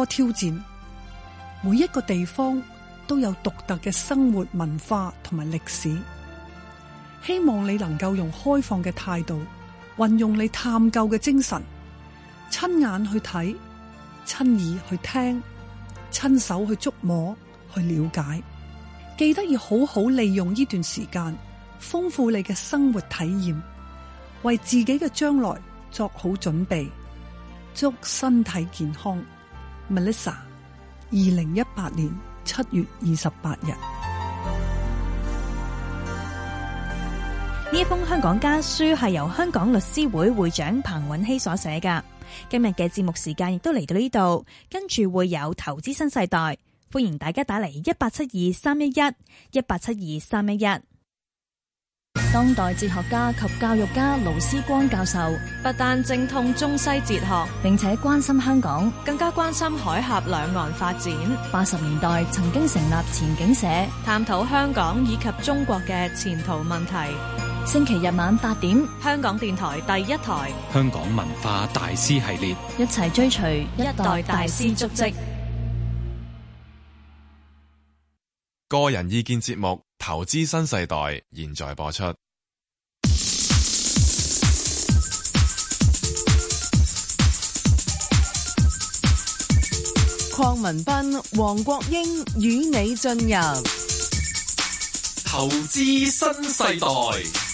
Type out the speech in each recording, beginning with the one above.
多挑戰，每一個地方都有獨特嘅生活文化同埋歷史。希望你能夠用開放嘅態度，運用你探究嘅精神，親眼去睇，親耳去聽，親手去觸摸，去了解。記得要好好利用呢段時間，豐富你嘅生活體驗，為自己嘅將來做好準備。祝身體健康！Melissa，二零一八年七月二十八日。呢封香港家書係由香港律師會會長彭允熙所寫噶。今日嘅節目時間亦都嚟到呢度，跟住會有投資新世代，歡迎大家打嚟一八七二三一一，一八七二三一一。當代哲學家及教育家盧思光教授不但精通中西哲學，並且關心香港，更加關心海峽兩岸發展。八十年代曾經成立前景社，探討香港以及中國嘅前途問題。星期日晚八點，香港電台第一台《香港文化大師系列》，一齊追隨一代大師足跡。足跡，個人意見節目。投資新世代，現在播出。鄺民彬、黃國英與你進入投資新世代。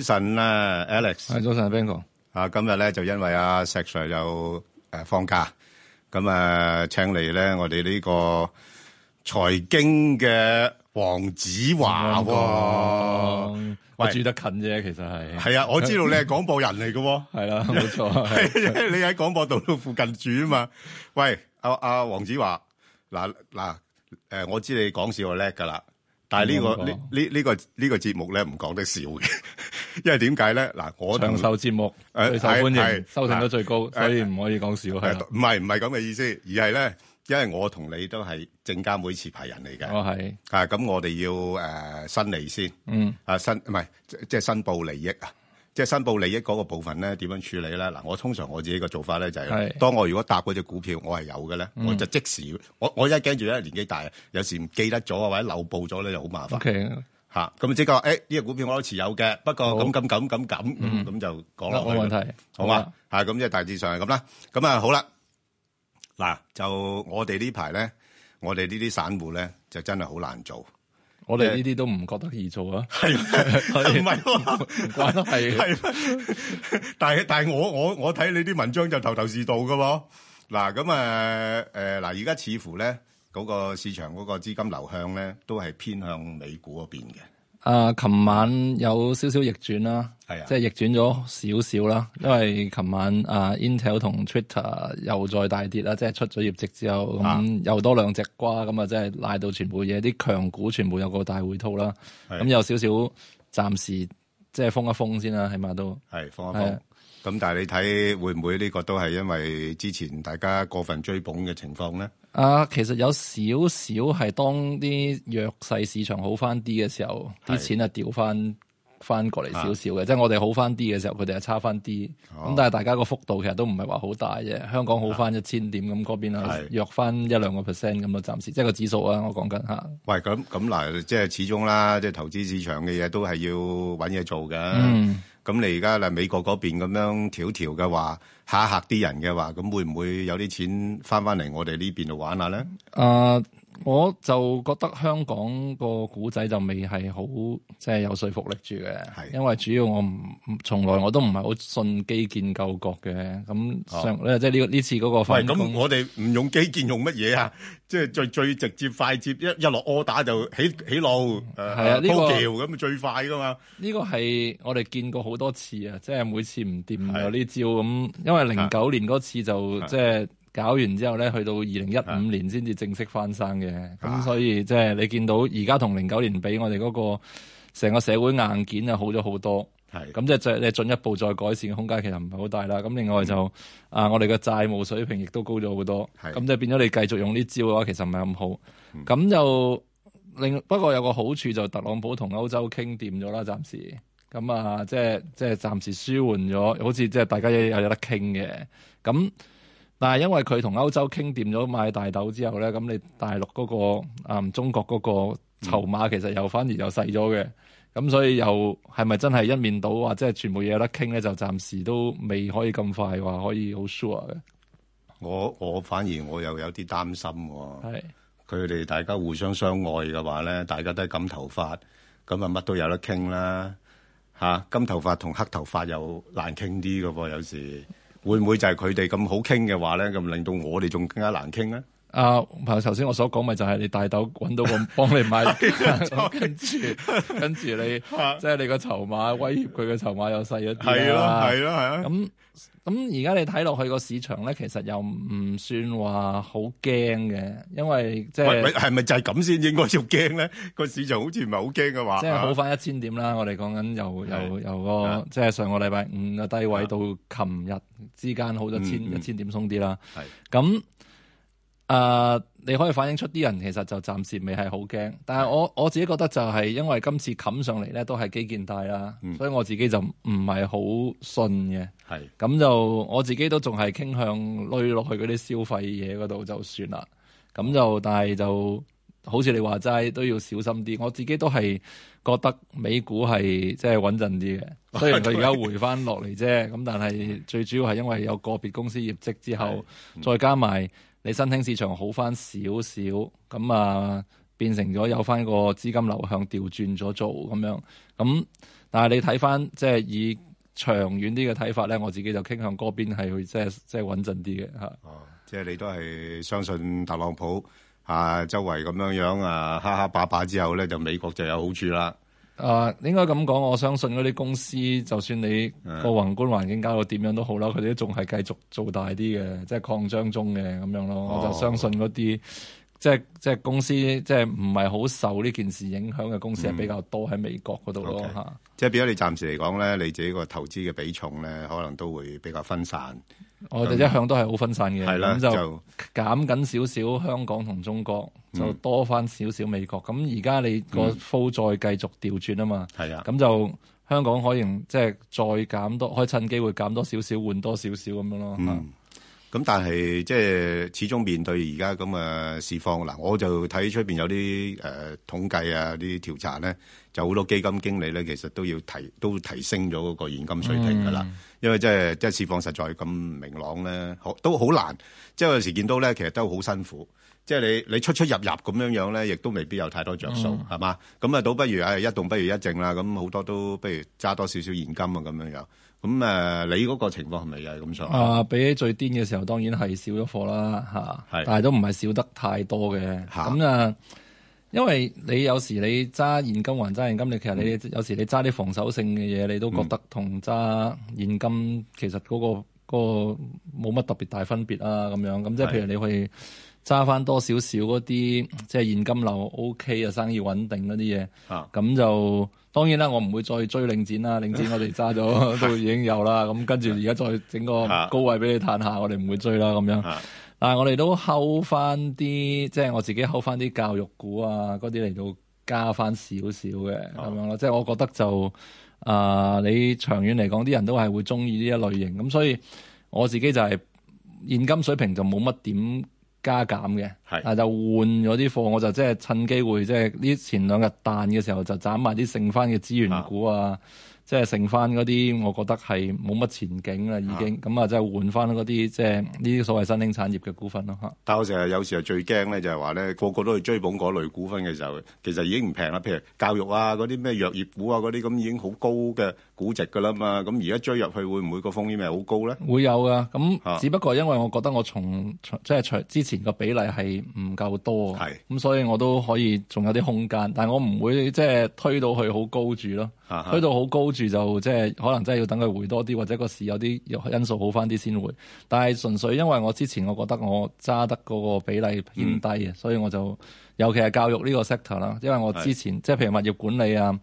早晨啊，Alex。係早晨，Ben 哥。啊，今日咧就因為阿石 Sir 又誒放假，咁啊請嚟咧我哋呢個財經嘅黃子華。我住得近啫，其實係。係啊，我知道你係廣播人嚟嘅。係啦、 啊，冇錯。 你喺廣播道附近住啊嘛？喂，阿阿黃子華，嗱嗱，誒，我知你講笑叻噶啦。但係、這、呢個呢呢呢個呢、這個這個節目咧唔講得少嘅，因為點解咧？嗱，我長壽節目，呃、最受歡迎，收聽率最高，呃、所以唔可以講少係。唔係唔係咁嘅意思，而係咧，因為我同你都係證監會持牌人嚟嘅。我係、哦、啊，咁我哋要誒、呃、申利先，嗯啊申唔係即係申報利益啊。即係申報利益嗰個部分咧，點樣處理咧？嗱，我通常我自己嘅做法咧就係、是，是當我如果搭嗰隻股票，我係有嘅咧，嗯、我就即時，我我一驚住咧年紀大，有時唔記得咗或者漏報咗咧，就好麻煩。OK，咁即刻話，呢、啊欸呢個股票我都持有嘅，不過咁咁咁咁咁，好嗯，咁、嗯、就講落去。冇問題，好嘛嗎？嚇咁即係大致上係咁啦。咁啊好啦，嗱就我哋呢排咧，我哋呢啲散戶咧就真係好難做。我哋呢啲都唔覺得易做啊！係唔係咯？係係 是吧， 但係但係我我我睇你啲文章就頭頭是道㗎喎。嗱咁誒誒嗱，而家、啊啊、似乎咧嗰、嗰個市場嗰個資金流向咧都係偏向美股嗰邊嘅。啊！琴晚有少少逆轉啦，係啊、即係逆轉咗少少啦，因為琴晚啊 Intel 同 Twitter 又再大跌啦，即係出咗業績之後，咁、嗯啊、又多兩隻瓜，咁啊真係賴到全部嘢，啲強股全部有個大回吐啦，咁有、啊、少少暫時即係封一封先啦，起碼都封一封。咁但係你睇，會唔會呢個都係因為之前大家過分追捧嘅情況咧？啊，其實有少少係當啲弱勢市場好翻啲嘅時候，啲是錢點點啊掉翻翻過嚟少少嘅，即係我哋好翻啲嘅時候，佢哋係差翻啲。咁、啊、但係大家個幅度其實都唔係話好大嘅，香港好翻一千點咁，嗰、啊、邊啊弱翻一兩個 percent 咁啊，暫時即係個指數啊，我講緊吓。喂，咁咁，嗱，即係始終啦，即係投資市場嘅嘢都係要搵嘢做㗎。嗯咁你而家嚟美國嗰邊咁樣條條嘅話，吓吓啲人嘅話，咁會唔會有啲錢翻翻嚟我哋呢邊度玩下咧？啊、uh！我就覺得香港個古仔就未係好即係有說服力住嘅，是的 因為主要我唔從來我都唔係好信基建救國嘅。咁上咧、啊、即係呢呢次嗰個快。喂，咁我哋唔用基建用乜嘢啊？的即係最最直接快捷，一一落柯打就起起路，誒高橋咁最快㗎嘛！呢、啊啊呢個係、呢個、我哋見過好多次啊！即係每次唔掂有呢招咁，的因為零九年嗰次就的的即係。搞完之後咧，去到二零一五年先至正式翻生嘅，咁、啊、所以即係你見到而家同零九年比，我哋嗰個成個社會硬件啊好咗好多，咁即係再進一步再改善嘅空間其實唔係好大啦。咁另外就、嗯、啊，我哋嘅債務水平亦都高咗好多，咁是就變變咗你繼續用呢招嘅話，其實唔係咁好。咁又另不過有個好處就特朗普同歐洲傾掂咗啦，暫時咁啊，即係即係暫時舒緩咗，好似即係大家有有得傾嘅咁。但係因為佢同歐洲傾掂咗買大豆之後咧，咁你大陸嗰、嗰個啊、嗯、中國嗰個籌碼其實又反而又細咗嘅，咁所以又係咪真係一面倒或者係全部嘢有得傾咧？就暫時都未可以咁快話可以好 sure 嘅。我我反而我又有啲擔心喎。係佢哋大家互相相愛嘅話咧，大家都係金頭髮，咁啊乜都有得傾啦。吓、啊、金頭髮同黑頭髮又難傾啲噶噃，有時。會唔會就係佢哋咁好傾嘅話咧，咁令到我哋仲更加難傾咧？阿、啊，頭先我所講咪就係你大豆揾到我幫你買，跟住跟住你，即係 你個籌碼威脅佢嘅籌碼又細咗啲，係咯係咯係啊，咁。咁而家你睇落去個市場咧，其實又唔算話好驚嘅，因為即係係咪就係咁先應該要驚咧？個市場好似唔係好驚嘅話，即係好翻一千點啦。我哋講緊由由由個即係上個禮拜五個低位到琴日之間好多千一千點鬆啲啦。係、嗯、咁。啊，uh, 你可以反映出啲人其實就暫時未係好驚，但我我自己覺得就係因為今次冚上嚟咧都係基建大啦，嗯、所以我自己就唔係好信嘅。係咁是的 就我自己都仲係傾向累落去嗰啲消費嘢嗰度就算啦。咁就但係就好似你話齋，都要小心啲，我自己都係覺得美股係即係穩陣啲嘅。雖然佢而家回翻落嚟啫，咁 但係最主要係因為有個別公司業績之後、嗯、再加埋。你新興市場好翻少少，咁啊變成咗有翻一個資金流向調轉咗做咁樣，咁但係你睇翻即係以長遠啲嘅睇法咧，我自己就傾向嗰邊係去即係即係穩陣啲嘅吓。哦，即係你都係相信特朗普啊，周圍咁樣樣啊，蝦蝦霸霸之後咧，就美國就有好處啦。啊，uh, 應該咁講，我相信嗰啲公司，就算你個宏觀環境搞到點樣都好啦，佢哋都仲係繼續做大啲嘅，即、就、係、是、擴張中嘅咁樣咯。哦、我就相信嗰啲，即係即係公司，即係唔係好受呢件事影響嘅公司係、嗯、比較多喺美國嗰度咯嚇，即係比如你暫時嚟講咧，你自己個投資嘅比重咧，可能都會比較分散。我哋一向都係好分散嘅，咁、嗯、就減緊少少香港同中國，就，就多翻少少美國。咁而家你個 full 再繼續調轉啊嘛，咁的就香港可以即係、就是、再減多，可以趁機會減多少少，換多少少咁樣咯。咁、嗯、的但係即係始終面對而家咁嘅市況嗱，我就睇出面有啲誒、呃、統計啊，啲調查咧。有好多基金經理咧，其實都要提都提升咗嗰個現金水平噶啦，嗯、因為即係即係市況實在咁明朗咧，都好難。即係有時見到咧，其實都好辛苦。即係你你出出入入咁樣樣咧，亦都未必有太多着數，係嘛、嗯？咁啊，倒不如一動不如一靜啦。咁好多都不如揸多少少現金啊，咁樣樣。咁你嗰個情況係咪又係咁上？啊，比起最癲嘅時候，當然係少咗貨啦，的但係都唔係少得太多嘅。咁的啊。因為你有時你揸現金還揸現金，你其實你有時你揸啲防守性嘅嘢，你都覺得同揸現金其實嗰個嗰個冇乜特別大分別啊咁樣。咁即係譬如你去揸翻多少少嗰啲即係現金流 OK 啊，生意穩定嗰啲嘢。咁是的 就當然啦，我唔會再追領展啦。領展我哋揸咗都已經有啦。咁跟住而家再整個高位俾你探下，是的 我哋唔會追啦咁樣。但、啊、我哋都 hold 翻啲，即係我自己 hold 翻啲教育股啊，嗰啲嚟到加翻少少嘅咁樣咯。即係、啊、我覺得就啊、呃，你長遠嚟講，啲人都係會中意呢一類型咁，所以我自己就係現金水平就冇乜點加減嘅。是但就換咗啲貨，我就即係趁機會，即係呢前兩日彈嘅時候就斬埋啲剩翻嘅資源股啊。啊即係剩翻嗰啲，我覺得係冇乜前景啦，已經咁啊！即係換翻嗰啲，即係呢啲所謂新興產業嘅股份咯嚇。但係我成日有時候最驚咧，就係話咧，個個都去追捧嗰類股份嘅時候，其實已經唔平啦。譬如教育啊，嗰啲咩藥業股啊，嗰啲咁已經好高嘅估值噶啦嘛。咁而家追入去，會唔會個風險係好高咧？會有㗎。咁只不過因為我覺得我從即係之前個比例係唔夠多，咁所以我都可以仲有啲空間，但我唔會即係推到去好高住咯。去 到好高住就即係可能真係要等佢回多啲，或者個市有啲因素好翻啲先回。但係純粹因為我之前我覺得我揸得嗰個比例偏低嘅，嗯、所以我就尤其係教育呢個 sector 啦。因為我之前即係是譬如物業管理啊、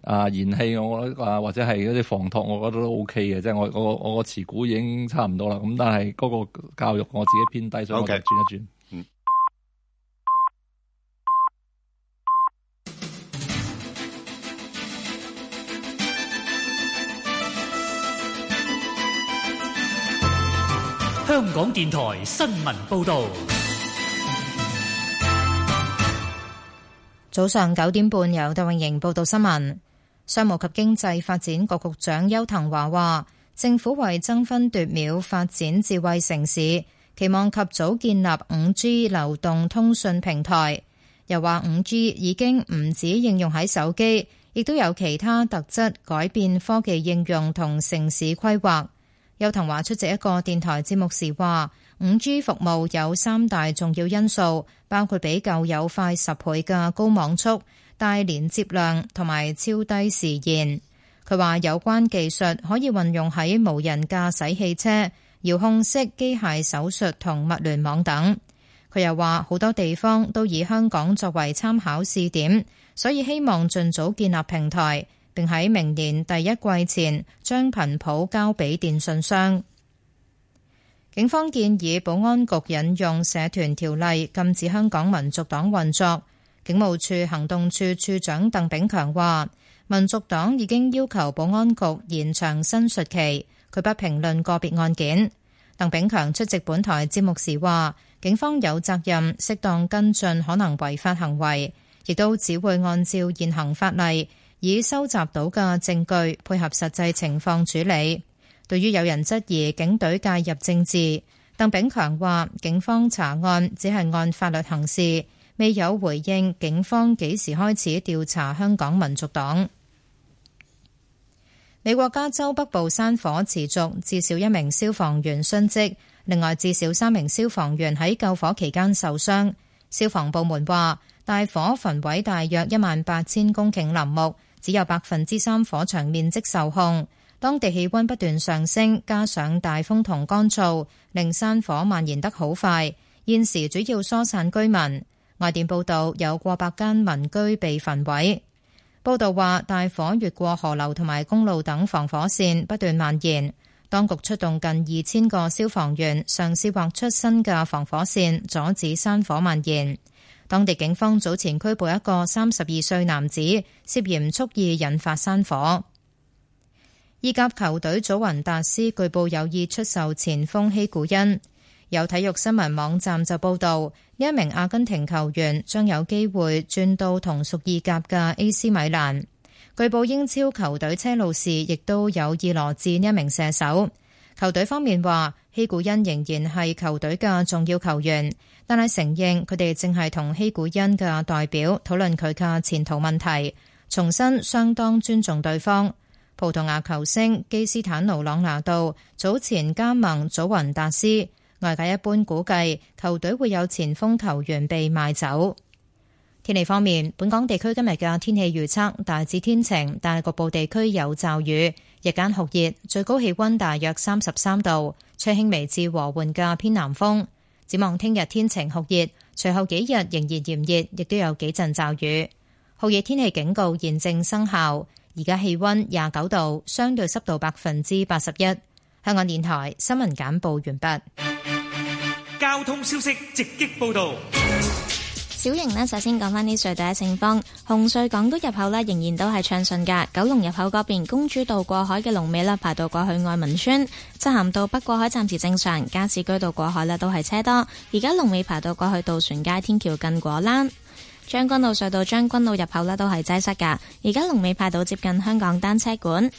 啊燃氣、啊，我啊或者係嗰啲房託，我覺得都 OK 嘅。即、就、係、是、我我我持股已經差唔多啦。咁但係嗰個教育我自己偏低，所以我就轉一轉。Okay. 香港電台新聞報道，早上九點半由鄧穎瑩報道新聞。商務及經濟發展局局長邱騰華話，政府為爭分奪秒發展智慧城市，期望及早建立五 G 流動通訊平台。又話五 G 已經唔止應用喺手機，亦都有其他特質改變科技應用同城市規劃。邱騰華出席一個電台節目時話，5G 服務有三大重要因素，包括比較有快十倍嘅高網速、大連接量同埋超低時延。佢話有關技術可以運用喺無人駕駛汽車、遙控式機械手術同物聯網等。佢又話好多地方都以香港作為參考試點，所以希望盡早建立平台。並喺明年第一季前將頻譜交俾電訊商。警方建議保安局引用社團條例禁止香港民族黨運作。警務處行動處處長鄧炳強話，民族黨已經要求保安局延長申述期。佢不評論個別案件。鄧炳強出席本台節目時話，警方有責任適當跟進可能違法行為，亦都只會按照現行法例，以收集到嘅證據配合實際情況處理。對於有人質疑警隊介入政治，鄧炳強話警方查案只係按法律行事，未有回應警方幾時開始調查香港民族黨。美國加州北部山火持續，至少一名消防員殉職，另外至少三名消防員喺救火期間受傷。消防部門話大火焚毀大約一萬八千公頃林木。只有百分之三火場面積受控，當地氣温不斷上升，加上大風同乾燥，令山火蔓延得好快。現時主要疏散居民。外電報導有過百間民居被焚毀。報導話大火越過河流同埋公路等防火線不斷蔓延，當局出動近二千個消防員嘗試劃出新嘅防火線，阻止山火蔓延。當地警方早前拘捕一個三十二歲男子，涉嫌蓄意引發山火。意甲球隊祖雲達斯據報有意出售前鋒希古恩。有體育新聞網站就報道，呢一名阿根廷球員將有機會轉到同屬意甲嘅 AC 米蘭。據報英超球隊車路士亦都有意羅致呢一名射手。球隊方面話，希古恩仍然係球隊嘅重要球員。但係承認佢哋淨係同希古恩嘅代表討論佢嘅前途問題，重申相當尊重對方。葡萄牙球星基斯坦奴朗拿度早前加盟祖雲達斯，外界一般估計球隊會有前鋒球員被賣走。天氣方面，本港地區今日嘅天氣預測大致天晴，但係局部地區有驟雨，日間酷熱，最高氣溫大約三十三度，吹輕微至和緩嘅偏南風。展望聽日天，天晴酷熱，隨後幾日仍然炎熱，亦都有幾陣驟雨。酷熱天氣警告現正生效。而家氣温廿九度，相對濕度百分之八十一。香港電台新聞簡報完畢。交通消息直擊報道。小型呢，首先講返啲隧道嘅情況。紅隧港島入口呢，仍然都係暢順噶。九龍入口嗰邊，公主道過海嘅龍尾呢，排到過去愛民村。漆咸道北過海暫時正常，加士居道過海呢，都係車多。而家龍尾排到過去渡船街天橋近果欄。將軍澳隧道，將軍澳入口呢，都係擠塞噶。而家龍尾排到接近香港單車館。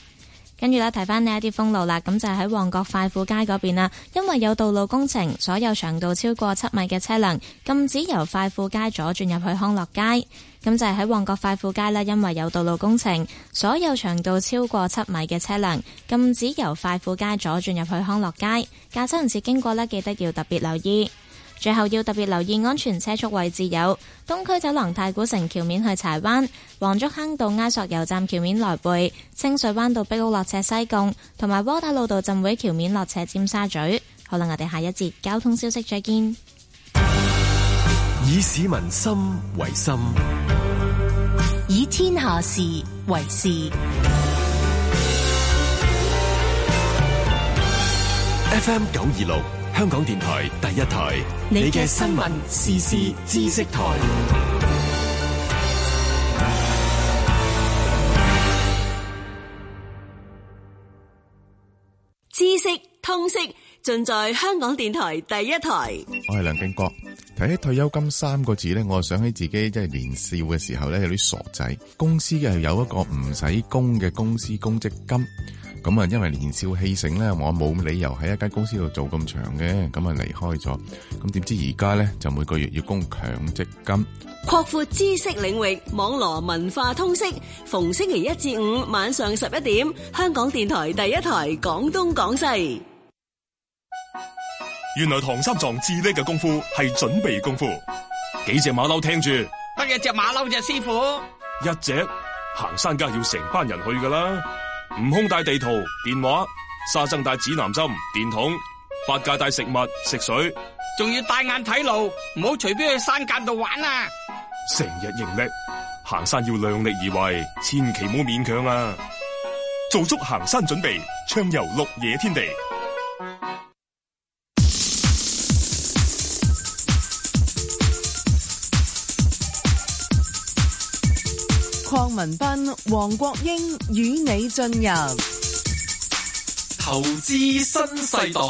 跟住啦，提返呢一啲封路啦，咁就係喺旺角快富街嗰邊啦。因為有道路工程，所有長度超過七米嘅車輛禁止由快富街左轉入去康樂街。咁就喺旺角快富街啦，因為有道路工程，所有長度超過七米嘅車輛禁止由快富街左轉入去康樂街。駕車人士經過呢，記得要特別留意。最後要特別留意安全車速位置有，東區走廊太古城橋面去柴灣、黃竹坑道埃索油站橋面來背、清水灣道碧屋落斜西貢，同埋窩打老道浸會橋面落斜尖沙咀。好啦，我哋下一節交通消息再見。以市民心為心，以天下事為事。FM 九二六。香港電台第一台，你嘅新聞時事知識台，知識通識。盡在香港電台第一台，我係梁敬國。提起退休金三個字咧，我啊想起自己即係年少嘅時候咧，有啲傻仔公司嘅係有一個唔使供嘅公司公積金咁啊。因為年少氣盛咧，我冇理由喺一間公司度做咁長嘅，咁啊離開咗。咁點知而家咧就每個月要供強積金，擴闊知識領域，網羅文化通識。逢星期一至五晚上十一點，香港電台第一台，講東講西。原來唐三藏智叻嘅功夫係準備功夫，幾隻馬騮聽住？得一隻馬騮？啫師傅？一隻行山梗係要成班人去噶啦。悟空帶地圖、電話；沙僧帶指南針、電筒；八戒帶食物、食水。仲要帶眼睇路，唔好隨便去山間度玩啊！成日型叻，行山要量力而為，千祈唔好勉強啊！做足行山準備，暢遊綠野天地。民彬、黃國英與你進入投資新世代。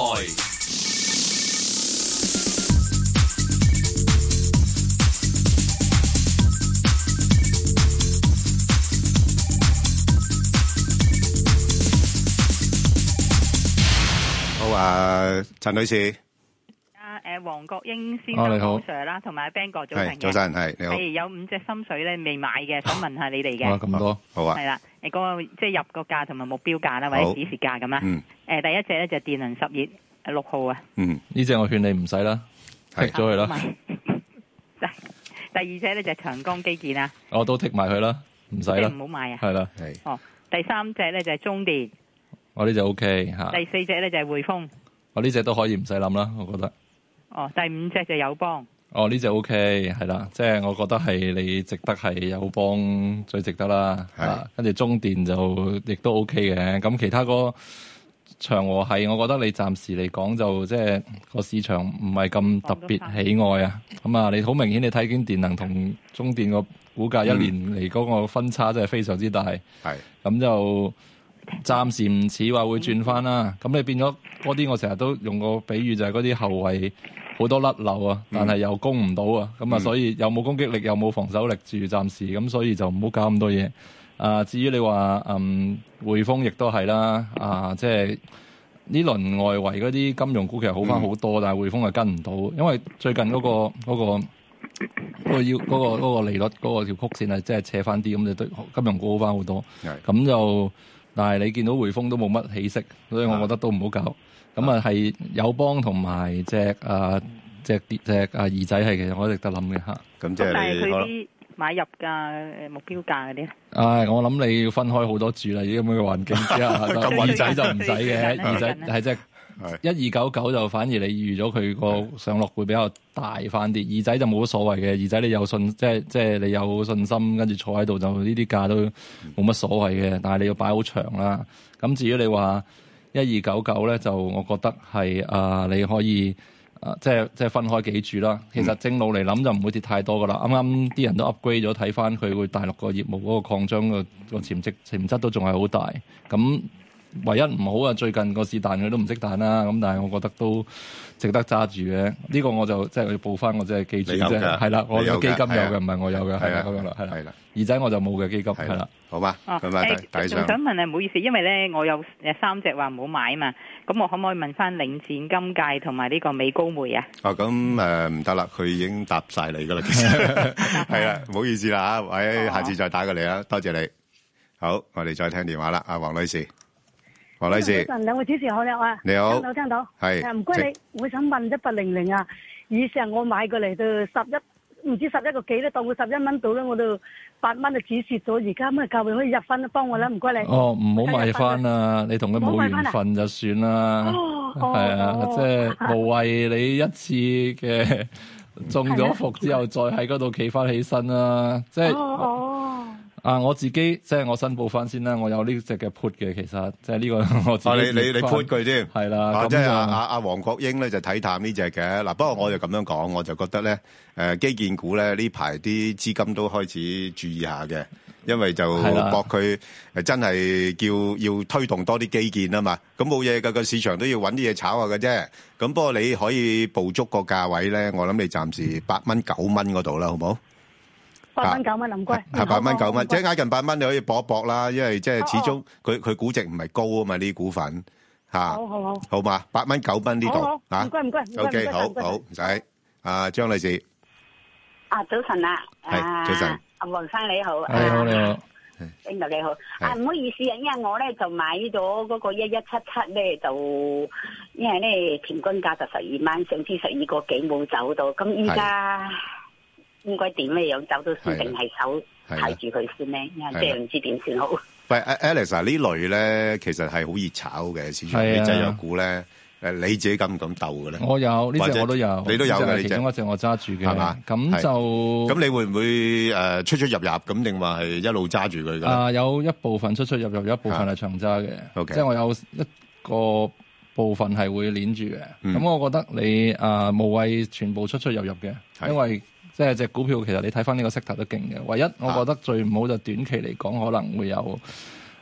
好啊，陳女士。誒，黃國英先生你好 Sir 啦，同埋 Ben 哥早晨。早晨，係你好。有五隻心水咧未買嘅，想問下你哋嘅。咁多，好啊。係啦，嗰個即係入個價同埋目標價啦，或者指示價咁啦。誒，第一隻咧就電能實業六號啊。嗯，呢隻我勸你唔使啦，剔咗佢啦。第二隻咧就長江基建啦，我都剔埋佢啦，唔使唔好買啊。係啦，係。哦，第三隻咧就係中電。我呢隻 OK 吓。第四隻咧就係匯豐。我呢隻都可以唔使諗啦，我覺得。哦，第五隻就友邦哦，呢隻 O K，係啦，即係我覺得係你值得係友邦最值得啦，係的。跟住、啊、中電就亦都 O K 嘅，咁其他個長和係，我覺得你暫時嚟講就即係個市場唔係咁特別喜愛啊。咁啊，你好明顯你睇見電能同中電個股價一年嚟嗰個分差真係非常之大。咁的就暫時唔似話會轉翻啦。咁你變咗嗰啲，我成日都用個比喻就係嗰啲後衞。好多甩漏啊，但係又攻唔到啊，咁啊、嗯，所以又冇攻擊力，又冇防守力住，暫時咁，所以就唔好搞咁多嘢。啊，至於你話嗯匯豐亦都係啦，啊，即係呢輪外圍嗰啲金融股其實好翻好多，嗯、但係匯豐係跟唔到，因為最近嗰、嗰個嗰嗰要嗰個嗰、嗰個嗰個嗰個嗰個、利率嗰、嗰個條曲線係即係斜翻啲，咁就對金融股好翻好多。咁的就。但係你見到匯豐都冇乜起色，所以我覺得都唔好搞。咁啊係友邦同埋隻啊、嗯、隻跌隻，隻啊二仔係其實我一直得諗嘅嚇。咁即係佢啲買入價目標價嗰啲。唉吧、哎，我諗你要分開好多注啦，依家咁嘅環境之下，咁二 仔就唔使嘅， 呢二仔係即係。一二九九就反而你預咗佢個上落會比較大翻啲，二仔就冇乜所謂嘅，二仔你有信即係即係你有信心，跟住坐喺度就呢啲價都冇乜所謂嘅，但係你要擺好長啦。咁至於你話一二九九咧，就我覺得係啊，你可以啊，即係即係分開幾注啦。其實正路嚟諗就唔會跌太多噶啦。啱啱啲人都 upgrade 咗睇翻佢會大陸個業務嗰個擴張個個潛積潛質都仲係好大咁。唯一唔好啊！最近個是彈佢都唔識彈啦，咁但係我覺得都值得揸住嘅。呢個我就即係要報翻，我即係記住啫。係啦，我有基金有嘅，唔係我有嘅，係啦，係啦。二仔我就冇嘅基金，係啦，好嘛。誒，仲想問啊，唔好意思，因為咧我有誒三隻話唔好買嘛，咁我可唔可以問翻領展金界同埋呢個美高梅啊？哦，咁誒唔得啦，佢已經答晒你噶啦，其實，係啦，唔好意思啦嚇，喂，下次再打過嚟啦，多謝你。好，我哋再聽電話啦，阿黃女士。阿兩位主持人好啦，啊好，有冇聽到，聽到？係是，唔該、啊、你，我請想問一百零零啊，以上我買過嚟到十一，唔知十一個幾咧，當佢十一蚊到啦，我度八蚊就止蝕咗，而家咪求其可以入翻，幫我啦，唔該你。哦，唔好買翻啊，買你同佢冇緣份就算啦，係啊，即係無謂你一次嘅 中咗伏之後，再喺嗰度企翻起身啦、啊，即係。哦哦哦啊！我自己即係我申報翻先啦，我有呢隻嘅 put 嘅，其實即係呢個我自己、啊。你你你 put 佢先，係啦的。即係阿阿阿黃國英咧就睇、是、淡呢隻嘅嗱。不過我就咁樣講，我就覺得咧，誒基建股咧呢排啲資金都開始注意下嘅，因為就博佢真係叫要,要推動多啲基建啊嘛。咁冇嘢嘅，個市場都要揾啲嘢炒下嘅啫。咁不過你可以捕捉個價位咧，我諗你暫時八蚊九蚊嗰度啦，好唔好？八蚊九蚊咁貴，係八蚊九蚊，即係挨近八蚊你可以搏一搏啦，因為即係始終佢佢估值唔係高啊嘛，呢啲股份吓，好好好，好嘛，八蚊九蚊呢度吓，唔貴唔貴，O K，好好唔使，阿張女士，啊早晨啊，係早晨，阿黃生你好，阿你好，邊度你好，啊唔好意思啊，因為我咧就買咗嗰個一一七七咧就，因為咧平均價就十二蚊，上次十二個幾冇走到，咁依家。應該點嘅樣走到先，定係守睇住佢先咧？因為即係唔知點算好。唔 Alex 啊，呢類咧其實係好易炒嘅，似啲製藥股咧。誒，你自己敢唔敢鬥嘅咧？我有呢隻，隻我都有，你都有嘅，隻其中一隻我揸住嘅，係嘛吧？咁就咁你會唔會誒出出入入咁，定話係一路揸住佢嘅？啊，有一部分出出入入，有一部分係長揸嘅。O、okay. K，即係我有一個部分係會捻住嘅。咁、嗯、我覺得你啊無謂全部出出入入嘅，因為。即係隻股票，其實你睇翻呢個息頭都勁嘅。唯一我覺得最唔好就短期嚟講、啊、可能會有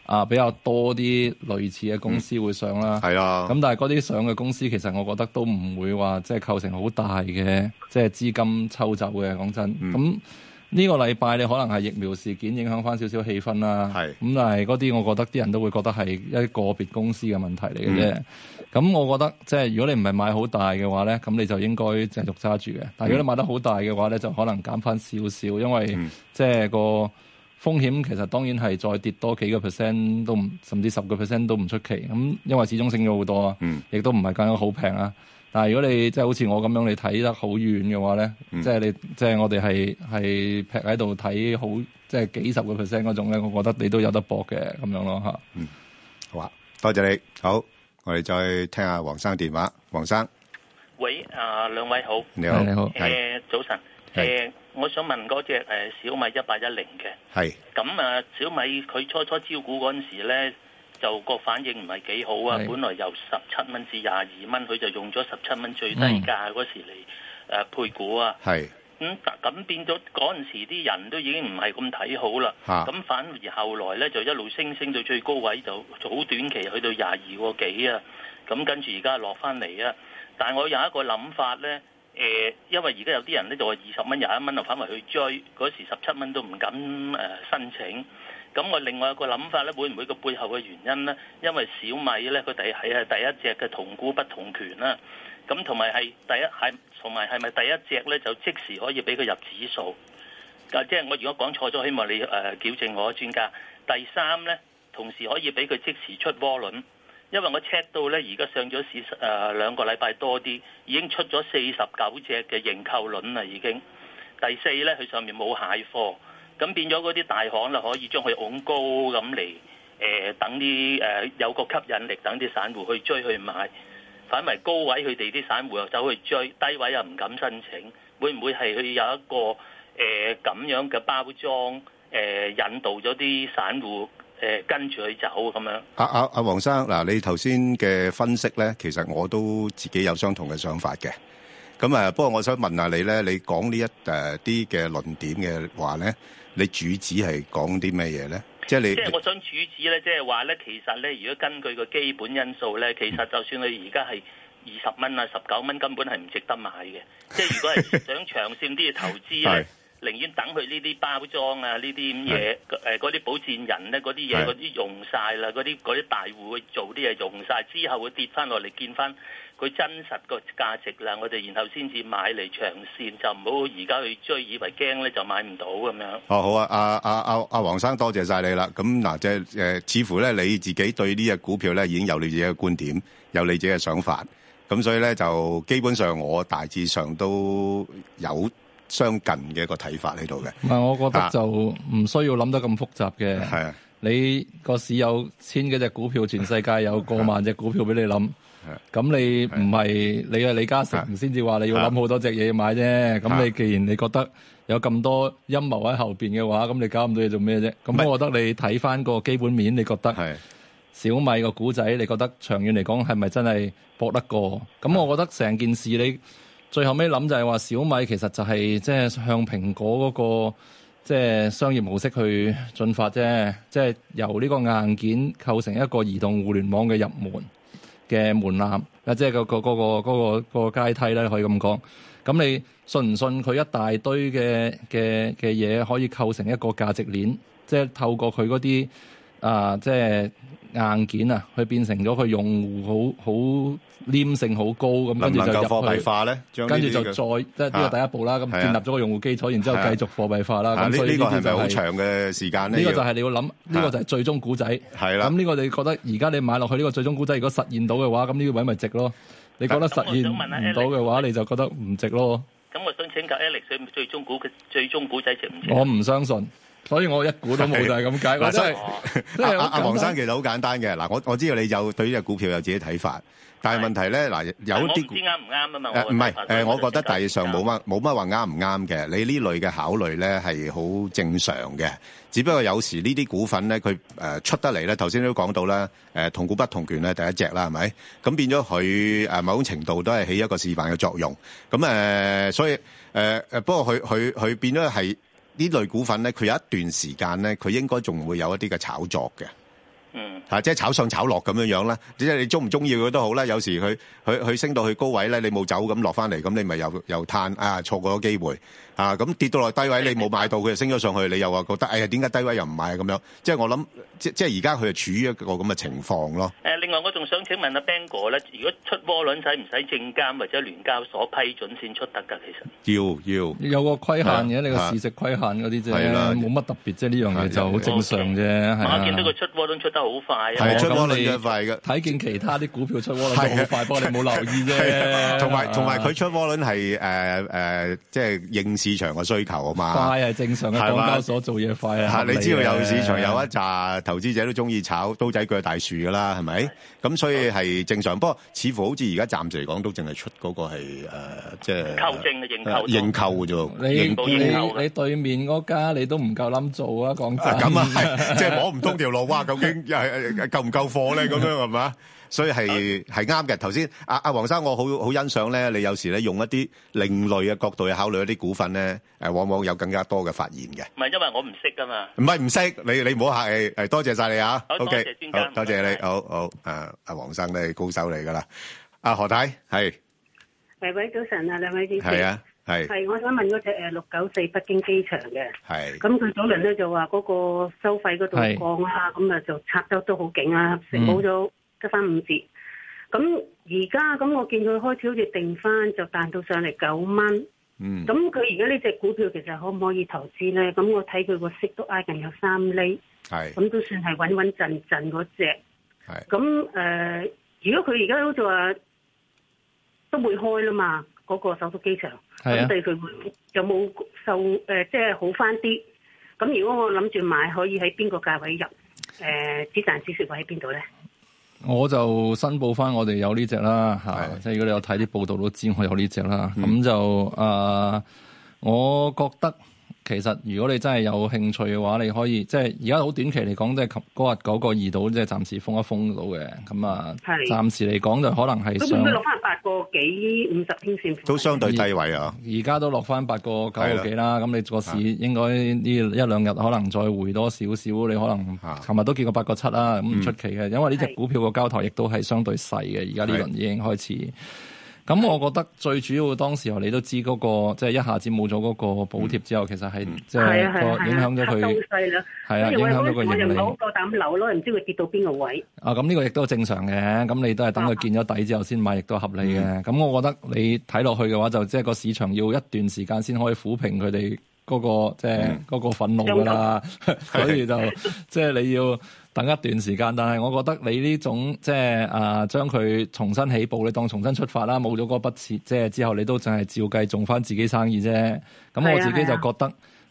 啊比較多啲類似嘅公司會上啦。嗯、啊，咁但係嗰啲上嘅公司其實我覺得都唔會話即係構成好大嘅即係資金抽走嘅。講真，咁呢、嗯、個禮拜你可能係疫苗事件影響翻少少氣氛啦。咁是但係嗰啲我覺得啲人都會覺得係一個別公司嘅問題嚟嘅啫。嗯。咁我覺得，即係如果你唔係買好大嘅話咧，咁你就應該繼續揸住嘅。但係如果你買得好大嘅話咧，就可能減翻少少，因為、嗯、即係個風險其實當然係再跌多幾個 percent 都唔，甚至十個 percent 都唔出奇。咁因為始終升咗好多啊，嗯、亦都唔係咁好平啊。但係如果你即係好似我咁樣，你睇得好遠嘅話咧、嗯，即係你即係我哋係係劈喺度睇好，即係幾十個 percent 嗰種咧，我覺得你都有得搏嘅咁樣咯吓。嗯，好啊，多謝你，好。我哋再聽下黃生電話，黃生，喂，啊兩位好，你好，你好，誒早晨，誒是、呃，我想問嗰隻誒小米一八一零嘅，係是，咁啊小米佢初初招股嗰陣時咧，就個反應唔係幾好啊，是本來由十七蚊至廿二蚊，佢就用咗十七蚊最低價嗰時嚟誒配股啊，係是。咁咁變咗嗰陣時啲人都已經唔係咁睇好啦，咁、啊、反而後來呢，就一路升升到最高位就好短期去到廿二個幾啊，咁跟住而家落翻嚟啊。但係我有一個諗法呢，誒、呃，因為而家有啲人呢，就話二十蚊、廿一蚊就反為去追，嗰時十七蚊都唔敢誒申請。咁我另外一個諗法呢，會唔會個背後嘅原因呢？因為小米呢，佢第係啊第一隻嘅同股不同權啦、啊，咁同埋係第一係。同埋係咪第一隻呢，就即時可以俾佢入指數？啊，即係我如果講錯咗，希望你誒、呃、矯正我，專家。第三呢，同時可以俾佢即時出窩輪，因為我 check 到呢，而家上咗市、呃、兩個禮拜多啲，已經出咗四十九隻嘅認購輪啦，已經。第四呢，佢上面冇蟹貨，咁變咗嗰啲大行啦，可以將佢拱高咁嚟、呃、等啲、呃、有個吸引力，等啲散戶去追去買。返埋高位，佢哋啲散戶又走去追，低位又唔敢申請，會唔會係佢有一個誒咁樣嘅包裝誒，引導咗啲散戶誒跟住佢走咁樣？阿阿阿黃生，嗱你頭先嘅分析咧，其實我都自己有相同嘅想法嘅。咁啊，不過我想問下你咧，你講呢一誒啲嘅論點嘅話咧，你主旨係講啲咩嘢咧？即係我想主旨咧，即係話咧，其實咧，如果根據個基本因素咧，其實就算佢而家係二十蚊啊、十九蚊，根本係唔值得買嘅。 即係如果係想長線啲嘅投資咧， 寧願等佢呢啲包裝啊、呢啲咁嘢，誒嗰啲保薦人咧、嗰啲嘢嗰啲用晒啦，嗰啲啲大戶去做啲嘢用晒之後，會跌翻落嚟見翻。佢真實個價值啦，我哋然後先至買嚟長線，就唔好而家去追，以為驚咧就買唔到咁樣。哦，好啊，阿啊阿阿黃生，多謝晒你啦。咁嗱，即係、呃、似乎咧你自己對呢隻股票咧已經有你自己嘅觀點，有你自己嘅想法。咁所以咧就基本上，我大致上都有相近嘅一個睇法喺度嘅。唔係，我覺得就唔需要諗得咁複雜嘅。係啊，你個市有千幾隻股票，全世界有過萬隻股票俾你諗。咁你唔係你係李嘉誠先至話你要諗好多隻嘢，要買啫。咁你既然你覺得有咁多陰謀喺後邊嘅話，咁你搞咁多嘢做咩啫？咁是我覺得你睇翻個基本面，你覺得小米個古仔，你覺得長遠嚟講係咪真係搏得過？咁我覺得成件事你最後尾諗就係話小米其實就係即係向蘋果嗰個即係商業模式去進發啫，即係由呢個硬件構成一個移動互聯網嘅入門。嘅門檻啊，即係嗰個、嗰個、嗰個、嗰個階梯咧，可以咁講。咁你信唔信佢一大堆嘅嘅嘅嘢可以構成一個價值鏈？即係透過佢嗰啲啊，即係。硬件啊，佢變成咗佢用戶好好黏性好高咁，跟住就入貨幣化咧，跟住就再即係呢個第一步啦。咁建立咗個用戶基礎，然之後繼續貨幣化啦。咁所以呢個就係好長嘅時間咧。呢個就係你要諗，呢個就係最終故仔。係啦。咁呢個你覺得而家你買落去呢個最終故仔，如果實現到嘅話，咁呢個位咪值咯？你覺得實現唔到嘅話，你就覺得唔值咯？咁我想請教 Alex，最最終故最終故仔值唔值？我唔相信。所以我一股都冇，就係咁解。嗱，阿阿阿黃生其實好簡單嘅。嗱，我我知道你有對呢隻股票有自己睇法，但係問題咧，嗱有啲唔知啱唔啱啊嘛。誒唔係誒，我覺得大上冇乜冇乜話啱唔啱嘅。你呢類嘅考慮咧係好正常嘅，只不過有時呢啲股份咧，佢誒出得嚟咧，頭先都講到啦，誒同股不同權咧，第一隻啦，係咪？咁變咗佢誒某種程度都係起一個示範嘅作用。咁誒，所以誒誒，不過佢佢佢變咗係。呢類股份咧，佢有一段時間咧，佢應該仲會有一啲嘅炒作嘅，嗯，啊，即係炒上炒落咁樣樣啦。即係你中唔中意佢都好啦。有時佢佢佢升到去高位咧，你冇走咁落翻嚟，咁你咪又又嘆啊，錯過咗機會。啊，咁跌到落低位，你冇買到，佢又升咗上去，你又話覺得，哎呀，點解低位又唔買啊？咁樣，即係我諗，即係即係而家佢係處於一個咁嘅情況咯。誒，另外我仲想請問阿 Ben 哥咧，如果出窩輪使唔使證監或者聯交所批准先出得㗎？其實要要有個規限嘅，你個市值規限嗰啲啫，係啦，冇乜特別啫，呢樣嘢就好正常啫。係啊，我見到佢出窩輪出得好快啊，係出窩輪嘅快嘅。睇見其他啲股票出窩輪仲好快，不過你冇留意啫。同埋同埋佢出窩輪係誒誒，即係應。市場嘅需求啊嘛，快係正常嘅。港交所做嘢快啊，你知道有市場有一扎投資者都中意炒刀仔鋸大樹噶啦，係咪？咁所以係正常。不過似乎好似而家暫時嚟講都淨係出嗰個係即係購證嘅認購認購啫。你你你對面嗰家你都唔夠膽做啊，講真，咁啊，係即係摸唔通條路啊！究竟係夠唔夠貨咧？咁樣係咪所以係係啱嘅。頭先阿阿黃生，我好好欣賞咧。你有時咧用一啲另類嘅角度去考慮一啲股份咧，誒，往往有更加多嘅發現嘅。唔係因為我唔識噶嘛。唔係唔識，你你唔好客氣，誒，多謝曬你啊。好，多謝專家，多謝你。好好，誒，阿黃生你係高手嚟噶啦。阿何太係誒？喂，早晨啊，兩位先生。係啊，係。係，我想問嗰隻誒六九四北京機場嘅。係。咁佢早輪咧就話嗰個收費嗰度降下，咁啊就拆得都好勁啊，食好咗。得翻五折，咁而家咁我見佢開始好似定翻，就彈到上嚟九蚊。嗯，咁佢而家呢隻股票其實可唔可以投資咧？咁我睇佢個息都挨近有三厘，係是，咁都算係穩穩陣陣嗰隻。係是，咁誒、呃，如果佢而家好似話都會開啦嘛，嗰、那個首都機場，咁、啊、對佢會有冇受即係、呃就是、好翻啲？咁如果我諗住買，可以喺邊個價位入？誒、呃，止賺止蝕位喺邊度咧？我就申報翻我哋有呢隻啦，係的、啊、即係如果你有睇啲的報道都知我有呢隻啦，咁就、嗯、啊，我覺得。其實如果你真係有興趣嘅話，你可以即係而家好短期嚟講，即係琴嗰日嗰個二度即係暫時封一封到嘅，咁啊，是暫時嚟講就可能係都應該落翻八個幾五十天線，50, 000, 也都相對低位啊！而家都落翻八個九個幾啦，咁、啊、你個市應該呢一兩日可能再回多少少，你可能琴日都見過八個七啦、啊，咁唔出奇嘅，嗯、因為呢隻股票個交投亦都係相對細嘅，而家呢輪已經開始。咁我覺得最主要當時候你都知嗰、那個即係、就是、一下子冇咗嗰個補貼之後，嗯、其實係即係影響咗佢，係啊影響咗佢盈利。係啊，膽咯，唔知佢跌到邊個位？啊，咁呢個亦都正常嘅。咁你都係等佢見咗底之後先買，亦都、啊、合理嘅。咁、嗯、我覺得你睇落去嘅話，就即係、就是、個市場要一段時間先可以撫平佢哋嗰個即係嗰個憤怒㗎啦。嗯、 所以就 即係你要。等一段時間，但係我覺得你呢種即係啊，將佢重新起步，你當重新出發啦，冇咗嗰筆錢，即係之後你都淨係照計做返自己生意啫。咁我自己就覺得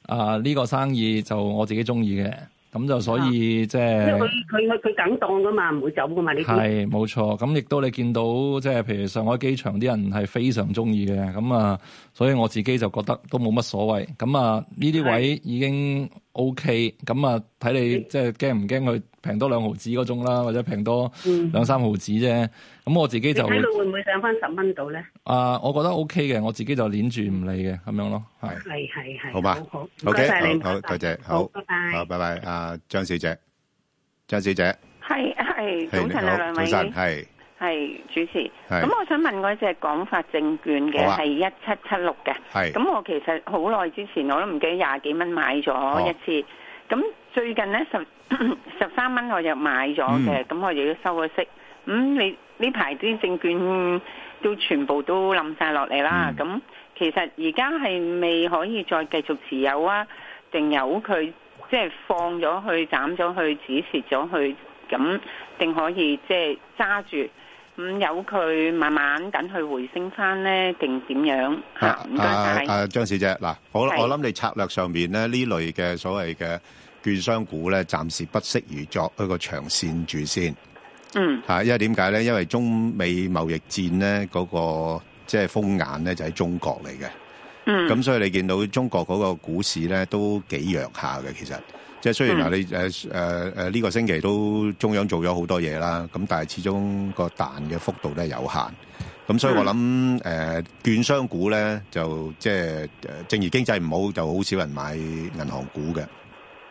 啊，呢、啊這個生意就我自己中意嘅。咁就所以即係，佢佢佢佢敢當噶嘛，唔會走噶嘛呢啲。係冇錯，咁亦都你見到即係譬如上海機場啲人係非常中意嘅，咁啊，所以我自己就覺得都冇乜所謂。咁啊，呢啲位已經 OK，咁啊，睇你即係驚唔驚佢平多兩毫子嗰種啦，或者平多兩三毫子啫。咁我自己就睇到會唔會上翻十蚊度咧？啊，我覺得 O K 嘅，我自己就捻住唔理嘅咁樣咯，係係係，好吧，好，唔該晒多謝，好，拜拜，好，拜拜，阿張小姐，張小姐，係係，早晨啊，兩位，係係，主持，咁我想問嗰隻廣發證券嘅係一七七六嘅，係，咁我其實好耐之前我都唔記得廿幾蚊買咗一次，咁最近咧十十三蚊我又買咗嘅，咁我亦都收咗息，咁你。呢排啲證券都全部都冧晒落嚟啦，咁、嗯、其實而家係未可以再繼續持有啊？定由佢即係放咗去、斬咗去、止蝕咗去，咁定可以即係揸住咁由佢慢慢等佢回升翻呢？定點樣嚇？唔該張小姐嗱，是我我諗你策略上面呢，呢類嘅所謂嘅券商股咧，暫時不適宜作一個長線住先。嗯，嚇，因為點解咧？因為中美貿易戰咧，嗰個即係風眼咧，就喺中國嚟嘅。嗯，咁所以你見到中國嗰個股市咧都幾弱下嘅，其實即係雖然話你誒誒誒呢個星期都中央做咗好多嘢啦，咁但係始終個彈嘅幅度都係有限。咁所以我諗誒券商股咧就即係正如經濟唔好，就好少人買銀行股嘅。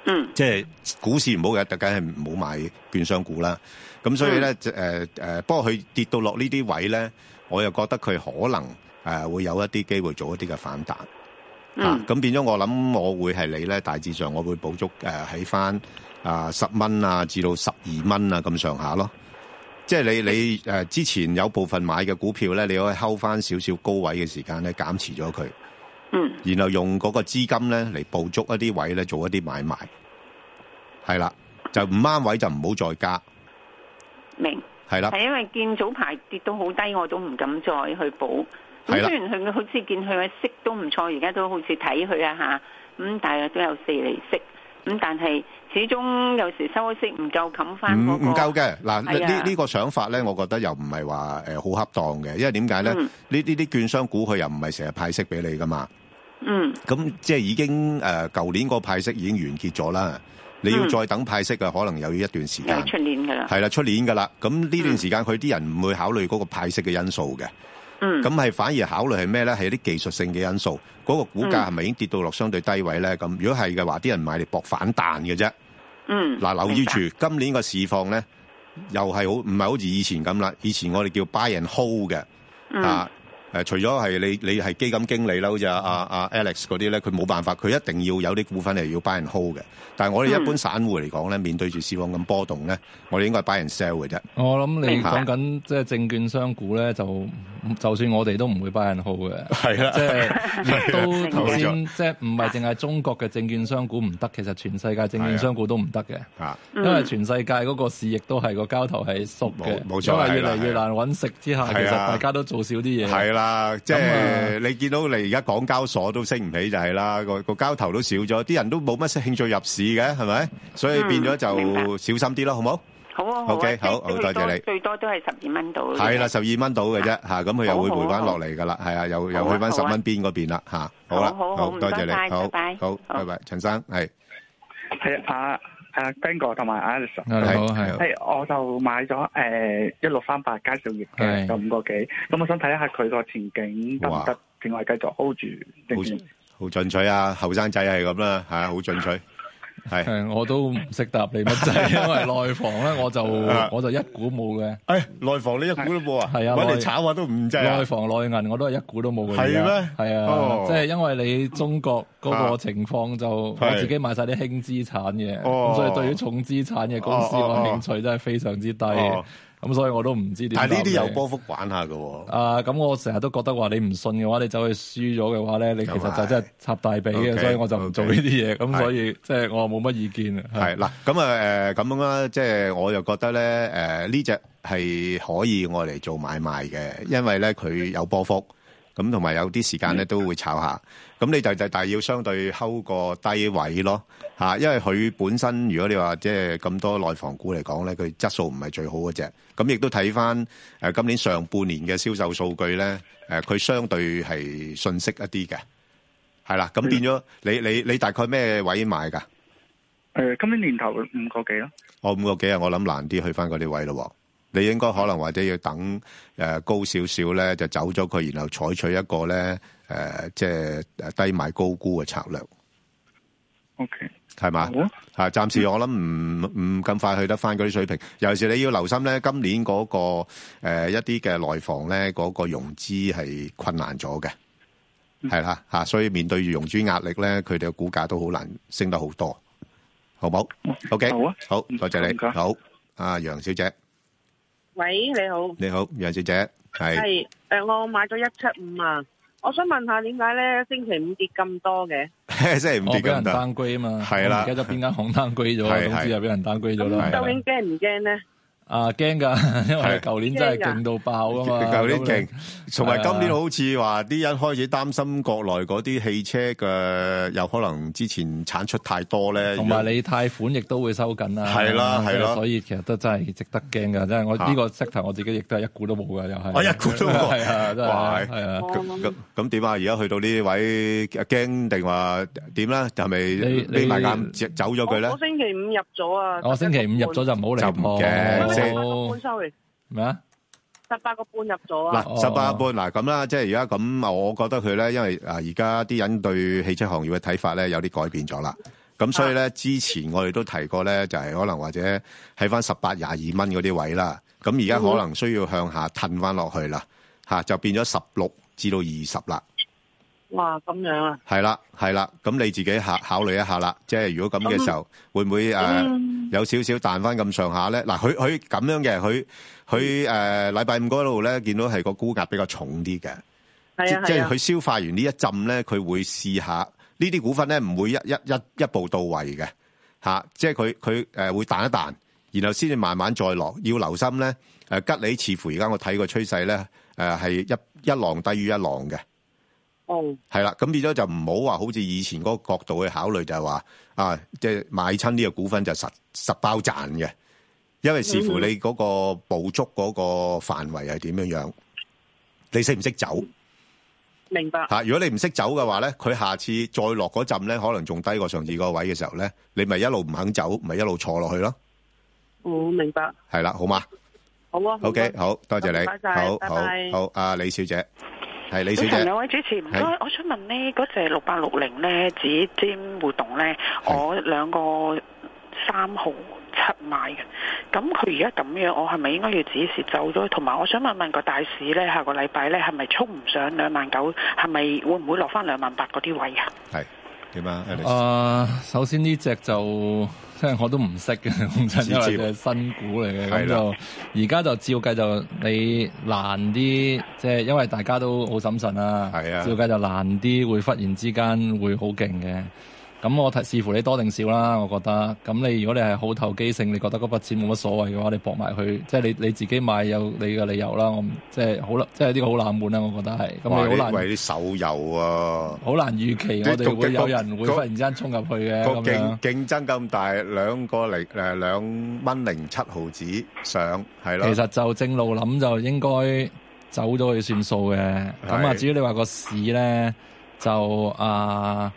嗯，即係股市唔好嘅，特梗係唔好買券商股啦。咁所以咧，誒誒、mm. 呃，不過佢跌到落呢啲位咧，我又覺得佢可能誒、呃、會有一啲機會做一啲嘅反彈、mm. 啊。咁變咗，我諗我會係你咧，大致上我會補足誒喺翻啊十蚊啊至到十二蚊啊咁上下咯。即係你你誒、呃、之前有部分買嘅股票咧，你可以 hold 翻少少高位嘅時間咧，減持咗佢，嗯，mm. 然後用嗰個資金咧嚟捕捉一啲位咧，做一啲買賣係啦，就唔啱位就唔好再加。明係啦，係的因為見早排跌到好低，我都唔敢再去補。係的雖然佢好似見佢嘅息都唔錯，而家都好似睇佢啊吓，咁大約都有四厘息，咁但係始終有時收息唔夠冚翻嗰個，唔夠嘅。嗱，呢呢個想法咧，我覺得又唔係話誒好恰當嘅，因為點解咧？呢呢啲券商股佢又唔係成日派息俾你噶嘛。嗯，咁即係已經誒舊、呃、年個派息已經完結咗啦。你要再等派息嘅，嗯、可能又要一段時間。係出年噶啦，係啦，出年噶啦。咁呢段時間，佢啲、嗯、人唔會考慮嗰個派息嘅因素嘅。嗯。咁係反而考慮係咩咧？係啲技術性嘅因素。嗰、嗰個股價係咪已經跌到落相對低位咧？咁如果係嘅話，啲人買嚟搏反彈嘅啫。嗯。嗱，留意住白今年個市況咧，又係好唔係好似以前咁啦？以前我哋叫 buy and hold 嘅。嗯啊誒，除咗係你，你係基金經理啦，好似阿阿 Alex 嗰啲咧，佢冇辦法，佢一定要有啲股份係要 buy and hold 嘅。但係我哋一般散戶嚟講咧，面對住市況咁波動咧，我哋應該係 buy and sell 嘅啫。我諗你講緊即係證券商股咧，就就算我哋都唔會 buy and hold 嘅，係啦，即係都頭先即係唔係淨係中國嘅證券商股唔得，其實全世界證券商股都唔得嘅，嚇，因為全世界嗰個市亦都係個交投係縮嘅，冇錯，因為越嚟越難揾食之下，其實大家都做少啲嘢，係啦。啊！即係你見到你而家港交所都升唔起就係啦，個個交投都少咗，啲人都冇乜興趣入市嘅，係咪？所以變咗就小心啲咯，好冇？好啊！OK，好，多謝你。最多都係十二蚊到。係啦，十二蚊到嘅啫，嚇！咁佢又會回翻落嚟㗎啦，係啊，又又去翻十蚊邊嗰邊啦，嚇！好啦，好，多謝你，好拜，好拜拜，陳生，係，係啊。係 Ben 哥同埋 Alex，i 係好，係，啊，係我就買咗誒一六三八佳兆業嘅，有、uh, 五是個幾，咁我想睇下佢個前景得唔得，定係繼續 hold 住？定好，好進取啊，後生仔係咁啦，係啊，好進取。係，我都唔識答你乜滯，因為內房咧，我就我就一股冇嘅。誒，內房你一股都冇啊？係啊，我哋炒啊都唔制。內房內銀我都係一股都冇嘅。係咩？係啊，即係因為你中國嗰個情況，就我自己買晒啲輕資產嘅，咁所以對於重資產嘅公司，我興趣真係非常之低。咁、嗯、所以我都唔知點，但呢啲有波幅玩下㗎喎、哦。啊，咁我成日都覺得話你唔信嘅話，你走去輸咗嘅話咧，你其實就真係插大髀嘅。嗯、所以我就唔做呢啲嘢，咁、嗯、所以即係我冇乜意見啊。係嗱是，咁啊誒，咁樣啦，呃、即係我又覺得咧誒，呢隻係可以我嚟做買賣嘅，因為咧佢有波幅，咁同埋有啲時間咧都會炒下。咁、嗯、你就就但要相對 hold 個低位咯、啊、因為佢本身如果你話即係咁多內房股嚟講咧，佢質素唔係最好嗰隻。咁亦都睇翻誒，今年上半年嘅銷售數據咧，誒，佢相對係遜色一啲嘅，係啦。咁變咗的你你你大概咩位買噶？誒，今年年頭五個幾咯、哦。我五個幾啊，我諗難啲去翻嗰啲位咯。你應該可能或者要等誒、呃、高少少咧，就走咗佢，然後採取一個咧誒、呃，即係低買高沽嘅策略。o、okay. k 係嘛？吓，暫時我諗唔唔咁快去得翻嗰啲水平。尤其是你要留心咧，今年嗰個誒、一啲嘅內房咧，嗰個融資係困難咗嘅，係啦吓。所以面對住融資壓力咧，佢哋嘅股價都好難升得好多，好冇？OK，好多謝你，好啊，楊小姐。喂，你好，你好，楊小姐，係，誒，我買咗一七五啊。我想問下點解咧，星期五跌咁多嘅？即係唔跌咁多。 多我俾人單歸啊嘛，係啦了，而家就邊間恐單歸咗，了總之又俾人單歸咗。咁究竟驚唔驚咧？啊驚噶，因為舊年真係勁到爆啊嘛！舊年勁，同埋今年好似話啲人開始擔心國內嗰啲汽車嘅有可能之前產出太多咧，同埋你貸款亦都會收緊啦。係啦係啦，所以其實都真係值得驚噶，真係我呢個 sector 我自己亦都係一股都冇噶，又係我一股都冇係啊，真係係啊，咁咁點啊？而家去到呢位驚定話點咧？就咪眯埋眼走咗佢咧？我星期五入咗啊！我星期五入咗就唔好嚟，就唔驚。十八個半啊？十八個半入咗啊！嗱樣，十八個半嗱咁啦，即係而家咁，我覺得佢咧，因為啊，而家啲人對汽車行業嘅睇法咧有啲改變咗啦。咁、啊、所以咧，之前我哋都提過咧，就係可能或者喺翻十八廿二蚊嗰啲位啦。咁而家可能需要向下褪翻落去啦，吓就變咗十六至到二十啦。哇，咁樣啊！係啦，係啦，咁你自己考考慮一下啦。即係如果咁嘅時候，嗯、會唔會誒、嗯呃、有少少彈翻咁上下咧？嗱，佢佢咁樣嘅，佢佢誒禮拜五嗰度咧，見到係個沽壓比較重啲嘅。係啊，即係佢消化完呢一浸咧，佢會試下呢啲股份咧，唔會一一一一步到位嘅吓、啊。即係佢佢誒會彈一彈，然後先至慢慢再落。要留心咧，誒吉利，似乎而家我睇個趨勢咧，誒、呃、係一一浪低於一浪嘅。哦，係啦、oh.，咁變咗就唔好話好似以前嗰個角度去考慮，啊，就係話啊，即係買親呢個股份就實實包賺嘅，因為視乎你嗰個捕捉嗰個範圍係點樣樣，你識唔識走？明白吓，如果你唔識走嘅話咧，佢下次再落嗰浸咧，可能仲低過上次個位嘅時候咧，你咪一路唔肯走，咪一路坐落去咯。我、oh, 明白。係啦，好嗎？好啊。好、啊、k、okay, 好多謝你。好，好，好，啊李小姐。咁前兩位主持唔該，是我想問，那個，呢嗰隻六八六零呢指尖活動呢，是我兩個三號七買嘅，咁佢而家咁樣，我係咪應該要止蝕走咗？同埋我想問問個大市呢，下個禮拜呢係咪衝唔上兩萬九？係咪會唔會落返兩萬八嗰啲位啊？係點啊 Alex 啊，uh, 首先呢隻就。即係我都唔識嘅，因為佢新股嚟嘅，咁的就而家就照計就你難啲，即係因為大家都好審慎啦。的照計就難啲，會忽然之間會好勁嘅。咁我睇視乎你多定少啦，我覺得。咁你如果你係好投機性，你覺得嗰筆錢冇乜所謂嘅話，你搏埋佢，即係你你自己買有你嘅理由啦。我唔即係好，即係啲好冷門啦，我覺得係。好難為啲手遊啊！好難預期，我哋會有人會忽然之間衝入去嘅咁樣。競爭咁大，兩個零誒，兩蚊零七毫紙上係咯。其實就正路諗就應該走咗去算數嘅。咁啊，至於你話個市咧，就啊。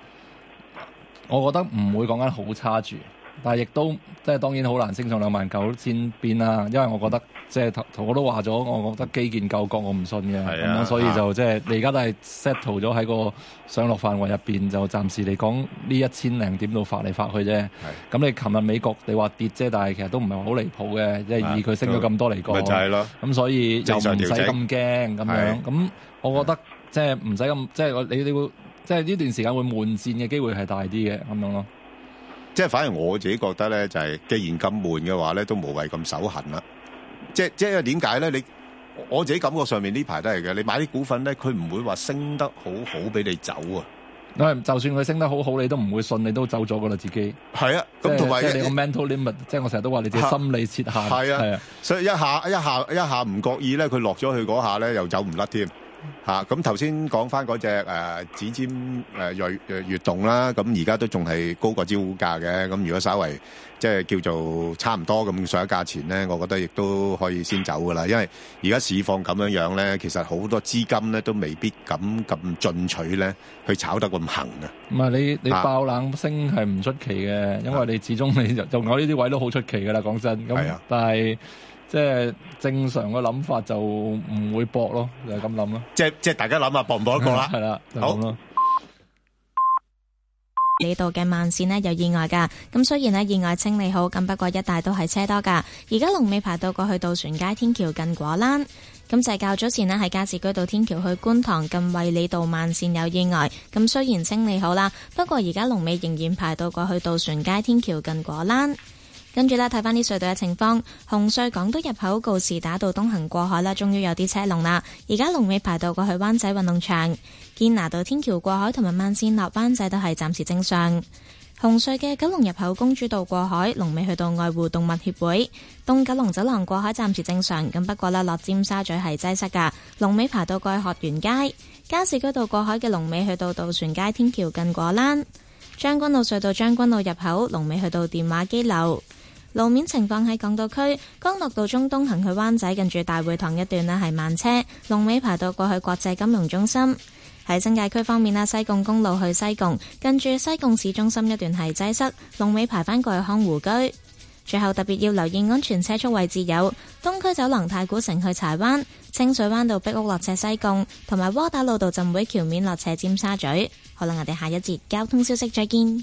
我覺得唔會講緊好差住，但係亦都即係當然好難升上兩萬九千邊啦。因為我覺得即係頭我都話咗，我覺得基建救國我唔信嘅，咁、啊、樣所以就、啊、即係你而家都係 settle 咗喺個上落範圍入面，就暫時嚟講呢一千零點到發嚟發去啫。咁是你琴日美國你話跌啫，但係其實都唔係話好離譜嘅，即係以佢升咗咁多嚟講、啊，就係咯。咁、就是、所以又唔使咁驚咁樣。咁、啊、我覺得、啊、即係唔使咁，即係你你，你會。即係呢段時間會悶戰嘅機會係大啲嘅咁樣咯。即係反而我自己覺得咧，就係、是、既然咁悶嘅話咧，都無謂咁手痕啦。即即係點解咧？你我自己感覺上面呢排都係嘅。你買啲股份咧，佢唔會話升得好好俾你走啊。就是、就算佢升得好好，你都唔會信，你都走咗噶啦，啊、自己。係啊是，咁同埋即你個 mental limit，也即係我成日都話你自己心理設限。係啊，係啊，啊所以一下一下一下唔覺意咧，佢落咗去嗰下咧，又走唔甩添。咁頭先講翻嗰隻誒指尖誒鋭誒越動啦，咁而家都仲係高過招股價嘅。咁如果稍為即係叫做差唔多咁上下價錢咧，我覺得亦都可以先走噶啦。因為而家市況咁樣樣咧，其實好多資金咧都未必敢咁進取咧，去炒得咁行啊。唔係你你爆冷升係唔出奇嘅，啊、因為你始終你就咬呢啲位都好出奇噶啦。講真，咁但係。即係正常嘅諗法就唔會搏咯，就咁諗啦。即係即係大家諗下搏唔搏一個啦，係啦 了，好就咁咯。呢度嘅慢線呢有意外噶，咁雖然呢意外清理好，咁不過一帶都係車多噶。而家龍尾排到過去渡船街天橋近果欄。咁就係較早前呢喺加士居道天橋去觀塘近衛理道慢線有意外，咁雖然清理好啦，不過而家龍尾仍然排到過去渡船街天橋近果欄。跟住呢，睇翻啲隧道嘅情況。紅隧港島入口告士打道東行過海啦，終於有啲車龍啦。而家龍尾排到過去灣仔運動場堅拿道天橋過海，同埋慢線落灣仔都係暫時正常。紅隧嘅九龍入口公主道過海，龍尾去到愛護動物協會。東九龍走廊過海暫時正常。咁不過呢，落尖沙咀係擠塞噶。龍尾排到過去學園街加士居道過海嘅龍尾去到渡船街天橋近果欄。將軍路隧道，將軍路入口龍尾去到電話機樓。路面情況喺港島區，干諾道中東行去灣仔近住大會堂一段咧，係慢車，龍尾排到過去國際金融中心。喺新界區方面啦，西貢公路去西貢近住西貢市中心一段係擠塞，龍尾排翻過去康湖居。最後特別要留意安全車速位置有：東區走廊太古城去柴灣，清水灣道碧屋落斜西貢，同埋窩打老道浸會橋面落斜尖沙咀。好啦，我哋下一節交通消息再見。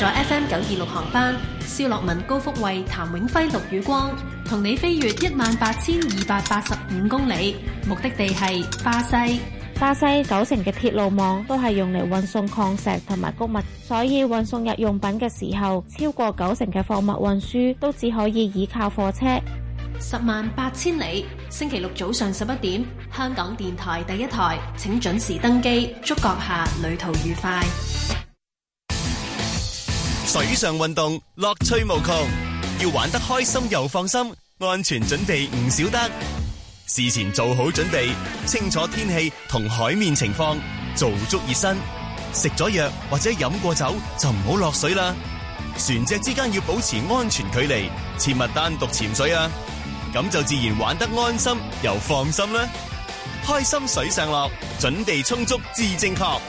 坐 FM 九二六航班，蕭樂文、高福慧、譚永輝、陸宇光同你飛越一萬八千二百八十五公里，目的地係巴西。巴西九成嘅鐵路網都係用嚟運送礦石同埋穀物，所以運送日用品嘅時候，超過九成嘅貨物運輸都只可以依靠貨車。十萬八千里，星期六早上十一點，香港電台第一台，請準時登機，祝閣下旅途愉快。水上運動樂趣無窮，要玩得開心又放心，安全準備唔少得。事前做好準備，清楚天氣同海面情況，做足熱身。食咗藥或者飲過酒就唔好落水啦。船隻之間要保持安全距離，切勿單獨潛水啊。咁就自然玩得安心又放心啦。開心水上樂，準備充足至正確。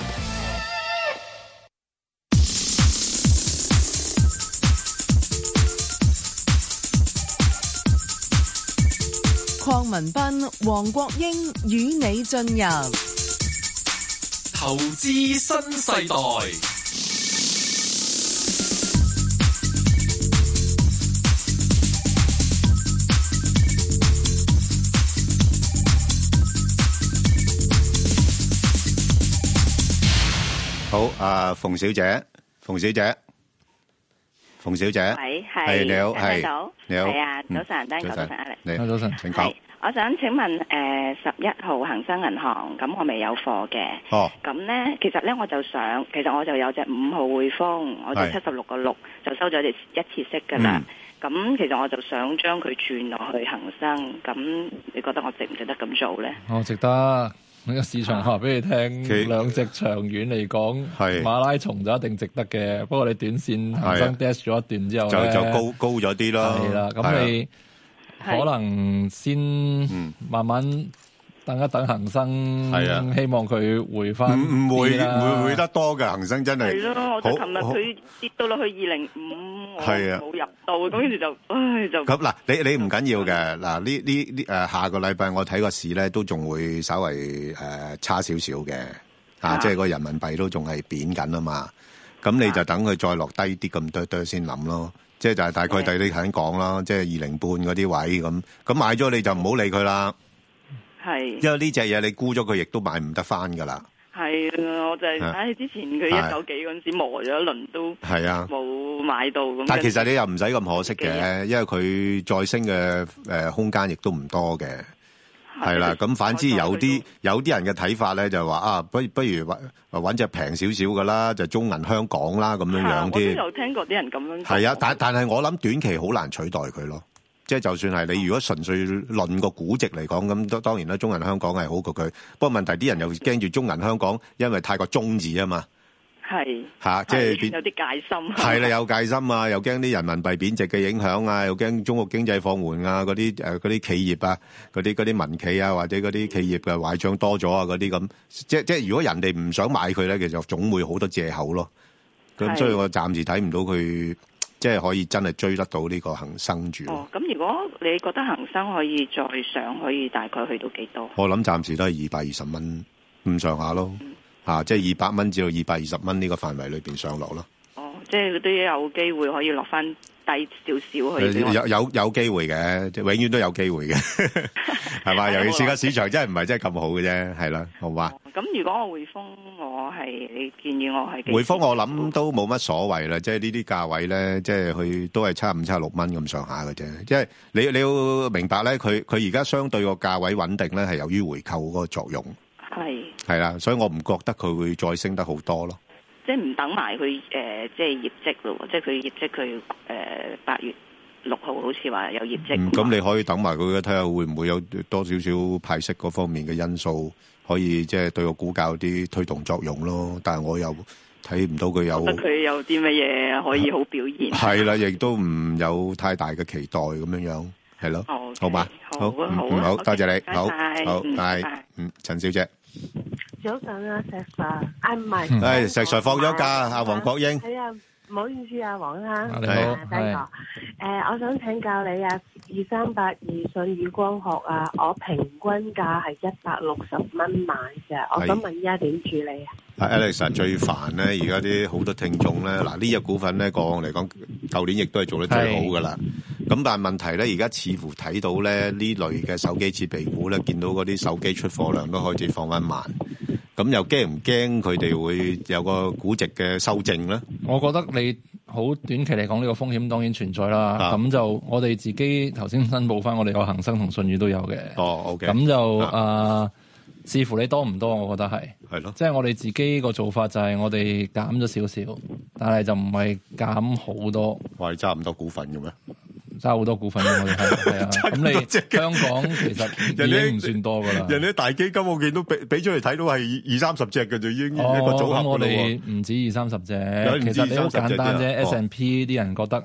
鄺民彬、黃國英與你進入投資新世代。好，啊、呃，馮小姐，馮小姐。馮小姐，係係你好，係你好，係啊，早晨，早晨，你好，早晨，請講。我想請問，誒，十一號恒生銀行，咁我未有貨嘅，哦，咁咧，其實咧我就想，其實我就有隻五號匯豐，我隻七十六個六就收咗只一次息噶啦。咁其實我就想將佢轉落去恒生，咁你覺得我值唔值得咁做咧？我值得。.呢個市場話俾你聽，兩隻實長遠嚟講，是馬拉松就一定值得嘅。不過你短線行得 dash 咗一段之後、啊、就就高高咗啲啦。係啦、啊，咁你、啊、可能先慢慢。等一等恒生係啊，希望佢回翻唔唔會，會會得多嘅，恒生真係係咯，我琴日佢跌到落去二零五，我冇入到，咁於是就唉就咁嗱，你你唔緊要嘅嗱，呢呢呢誒下個禮拜我睇個市咧都仲會稍微誒差少少嘅啊，即係個人民幣都仲係貶緊啊嘛，咁你就等佢再落低啲咁多多先諗咯，即係就係大概睇你肯講啦，即係二零半嗰啲位咁，咁買咗你就唔好理佢啦。係，是因為呢隻嘢你沽咗佢，亦都買唔得翻㗎啦。係，我就係唉，之前佢一九幾嗰陣時磨咗一輪都係啊，冇買到咁。的但其實你又唔使咁可惜嘅，天因為佢再升嘅空間亦都唔多嘅。係啦，咁反之有啲的有啲人嘅睇法咧、就是，就話啊，不如不如揾隻平少少㗎啦，就中銀香港啦咁樣樣啲。我都有聽過啲人咁樣講。係啊，但但係我諗短期好難取代佢咯。即係就算係你如果純粹論個估值嚟講，咁當然啦，中銀香港係好過佢。不過問題啲人又驚住中銀香港，因為太過中字是啊嘛。係、就、嚇、是，即係有啲戒心。係啦，有戒心啊，又驚啲人民幣貶值嘅影響啊，又驚中國經濟放緩啊，嗰啲誒啲企業啊，嗰啲嗰啲民企啊，或者嗰啲企業嘅壞帳多咗啊，嗰啲咁。即即係如果人哋唔想買佢咧，其實總會好多借口咯。咁所以我暫時睇唔到佢。即係可以真係追得到呢個恒生住哦。咁如果你覺得恒生可以再上，可以大概去到幾多？我諗暫時都係二百二十蚊咁上下咯。吓，即係二百蚊至到二百二十蚊呢個範圍裏面上落囉。哦，即係都有機會可以落翻。睇少少去，有有有機會嘅，永遠都有機會嘅，係嘛？尤其是個市場真係唔係真係咁好嘅啫，係咯，好嘛？咁如果我匯豐，我係建議我係匯豐，我諗都冇乜所謂啦。即係呢啲價位咧，即係佢都係七十五、七十六蚊咁上下嘅啫。即係你你要明白咧，佢佢而家相對個價位穩定咧，係由於回購嗰個作用係係啦，所以我唔覺得佢會再升得好多咯。.即係唔等埋佢誒，即係業績咯。即係佢業績，佢誒八月六號好似話有業績。嗯，咁你可以等埋佢睇下會唔會有多少少派息嗰方面嘅因素，可以即係對個股價有啲推動作用咯。但係我又睇唔到佢有，佢有啲乜嘢可以好表現。係啦，亦都唔有太大嘅期待咁樣樣，係咯，好嘛。好啊，好啊。唔好，多謝你。好，好，拜拜，嗯，陳小姐。早晨啊，石 Sir。啊，唔係係石 Sir 放咗假啊，黃國英係啊，唔好意思啊，黃生，啊啊，你好，誒，我想請教你啊，二三八二舜宇光學啊，我平均價係一百六十蚊買嘅，我想問依家點處理啊？阿是 Alex a, 最煩咧，而家啲好多聽眾咧，嗱呢隻股份咧，講嚟講，舊年亦都係做得最好噶啦。咁但係問題咧，而家似乎睇到咧，呢類嘅手機設備股咧，見到嗰啲手機出貨量都開始放慢。咁又驚唔驚佢哋會有個估值嘅修正咧？我覺得你好短期嚟講，呢個風險當然存在啦。咁、啊、就我哋自己頭先申報翻，我哋有恒生同信譽都有嘅。哦，OK。咁就啊，視乎你多唔多，我覺得係係咯。即係的我哋自己個做法就係我哋減咗少少，但係就唔係減好多，係差唔多股份嘅咩？揸好多股份嘅，係啊，咁、啊、你香港其實已經唔算多噶啦。人哋啲大基金我見都俾俾咗嚟睇到，係二三十隻嘅就已經一個組合。咁、哦、我哋唔止二三十隻，十隻其實你好簡單啫。S&、啊、P 啲人覺得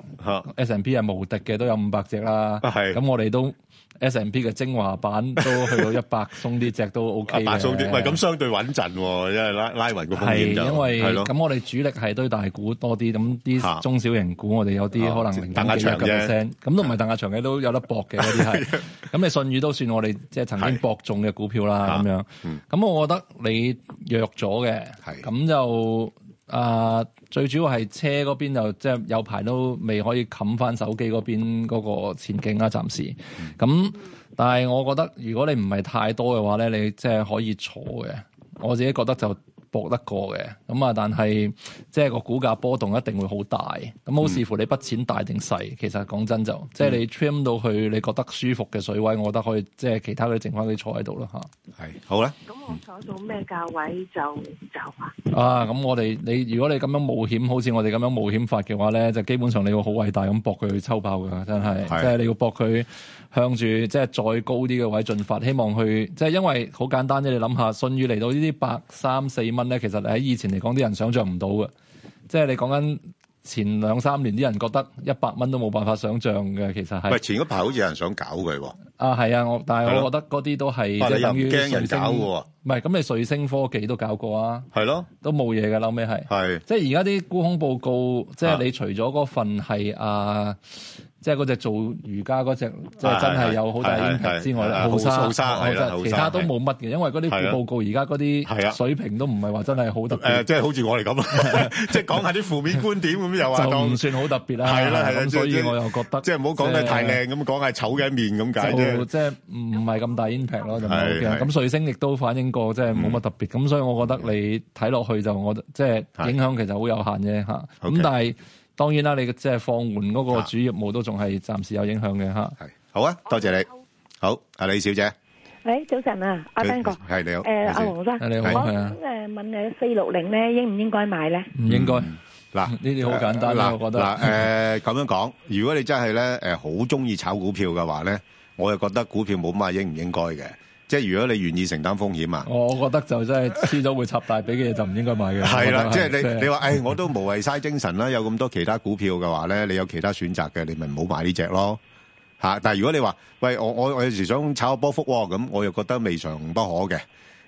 ，S&P 係無敵嘅，都有五百隻啦。咁、啊、我哋都。S&P 嘅精華版都去到一百，鬆啲隻都 O K 嘅，百鬆啲，唔係咁相對穩陣喎，因為拉拉勻個風險就咁我哋主力係堆大股多啲，咁啲中小型股我哋有啲可能零點幾一個 percent，咁都唔係等下長嘅都有得搏嘅嗰啲係。咁你信宇都算我哋即係曾經搏中嘅股票啦咁樣。咁我覺得你弱咗嘅，咁就。啊，最主要係車嗰邊即係有排都未可以冚翻手機嗰邊嗰個前景啦，啊，暫時。咁但係我覺得如果你唔係太多嘅話咧，你即係可以坐嘅。我自己覺得就。搏得過嘅，咁啊，但係即係個股價波動一定會好大，咁好視乎你筆錢大定細。嗯、其實講真就，嗯、即係你 trim 到去你覺得舒服嘅水位，我覺得可以，即係其他嗰啲剩翻啲坐喺度咯吓，係好咧。咁我坐到咩價位就走啊？啊，咁我哋你如果你咁樣冒險，好似我哋咁樣冒險法嘅話咧，就基本上你要好偉大咁搏佢去抽爆噶，真係，是即係你要搏佢。向住即係再高啲嘅位進發，希望去即係因為好簡單啫。你諗下，舜宇嚟到 8, 3, 呢啲百三四蚊咧，其實喺以前嚟講，啲人想象唔到嘅。即係你講緊前兩三年，啲人覺得一百蚊都冇辦法想象嘅，其實係。喂前嗰排好似有人想搞佢喎。啊，係啊，我、啊、但係我覺得嗰啲都係、啊、即係等於驚人搞唔係、啊，咁你瑞聲科技都搞過啊。係咯、啊，都冇嘢嘅，後尾係。係、啊、即係而家啲沽空報告，即係你除咗嗰份係啊。即係嗰隻做瑜伽嗰隻，即係真係有好大 impact 之外咧，好山，其他都冇乜嘅，因為嗰啲報告而家嗰啲水平都唔係話真係好特別。即係好似我哋咁，即係講下啲負面觀點咁，又話就唔算好特別啦。係啦，係啦，所以我又覺得即係唔好講得太靚，咁講下醜嘅一面咁解啫。即係唔係咁大 impact 咯，就咁樣。咁瑞星亦都反映過，即係冇乜特別。咁所以我覺得你睇落去就我即係影響其實好有限啫嚇。咁但係當然啦，你即係放緩嗰個主業務都仲係暫時有影響嘅吓。係、啊、好啊，多謝你。好，阿李小姐。誒，hey, 早晨啊，阿彬哥。係你好。誒，阿黃生。你好。誒、啊、你是問誒四六零咧，應唔應該買咧？唔應該。嗱、嗯，呢啲好簡單啦，啊、我覺得。嗱，誒、呃、咁樣講，如果你真係咧，誒好中意炒股票嘅話咧， 我又覺得股票冇乜應唔應該嘅。即係如果你願意承擔風險啊，我覺得就真係知咗會插大髀嘅嘢就唔應該買嘅。係啦 的，即係你、就是、你話誒，我都無謂嘥精神啦，有咁多其他股票嘅話咧，你有其他選擇嘅，你咪唔好買呢隻咯。但如果你話喂，我我有時想炒波幅喎，咁我又覺得未嘗不可嘅。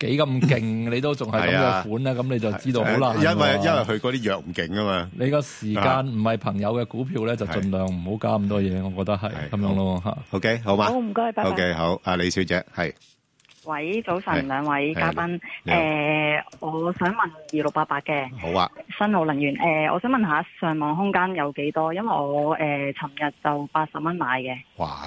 幾咁勁，你都仲係咁嘅款咧，咁你就知道好難。因為因為佢嗰啲藥唔勁啊嘛。你個時間唔係朋友嘅股票咧，就盡量唔好加咁多嘢，我覺得係咁樣咯。吓，OK，好嘛。好唔該，拜拜。OK，好，阿李小姐係。喂，早晨，兩位嘉賓。誒，我想問二六八八嘅。好啊。新奧能源，誒，我想問下上網空間有幾多？因為我誒，尋日就八十蚊買嘅。哇！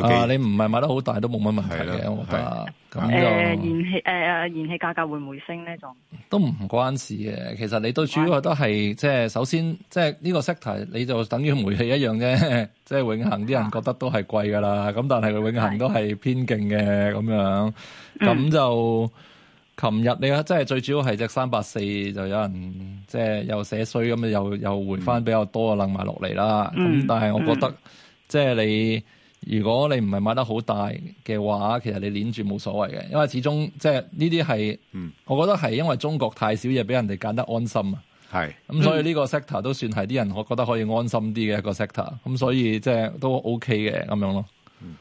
啊！你唔係買得好大都冇乜問題嘅，的我覺得，咁的。誒、呃，燃氣誒、呃，燃氣價格會唔會升咧？就都唔關事嘅。其實你都主要都係即係，關 首先即係呢個 sector，你就等於煤氣一樣啫。 即係永恒啲人覺得都係貴噶啦，咁的但係佢永恒都係偏勁嘅咁樣。咁就琴日你啊，即係最主要係只三百四就有人即係又寫衰咁又又回翻比較多啊，楞埋落嚟啦。咁但係我覺得、嗯、即係你。如果你唔係買得好大嘅話，其實你諗住冇所謂嘅，因為始終即係呢啲係，嗯、我覺得係因為中國太少嘢俾人哋揀得安心啊。咁是，嗯、所以呢個 sector 都算係啲人，我覺得可以安心啲嘅一個 sector。咁所以即係都 OK 嘅咁樣咯。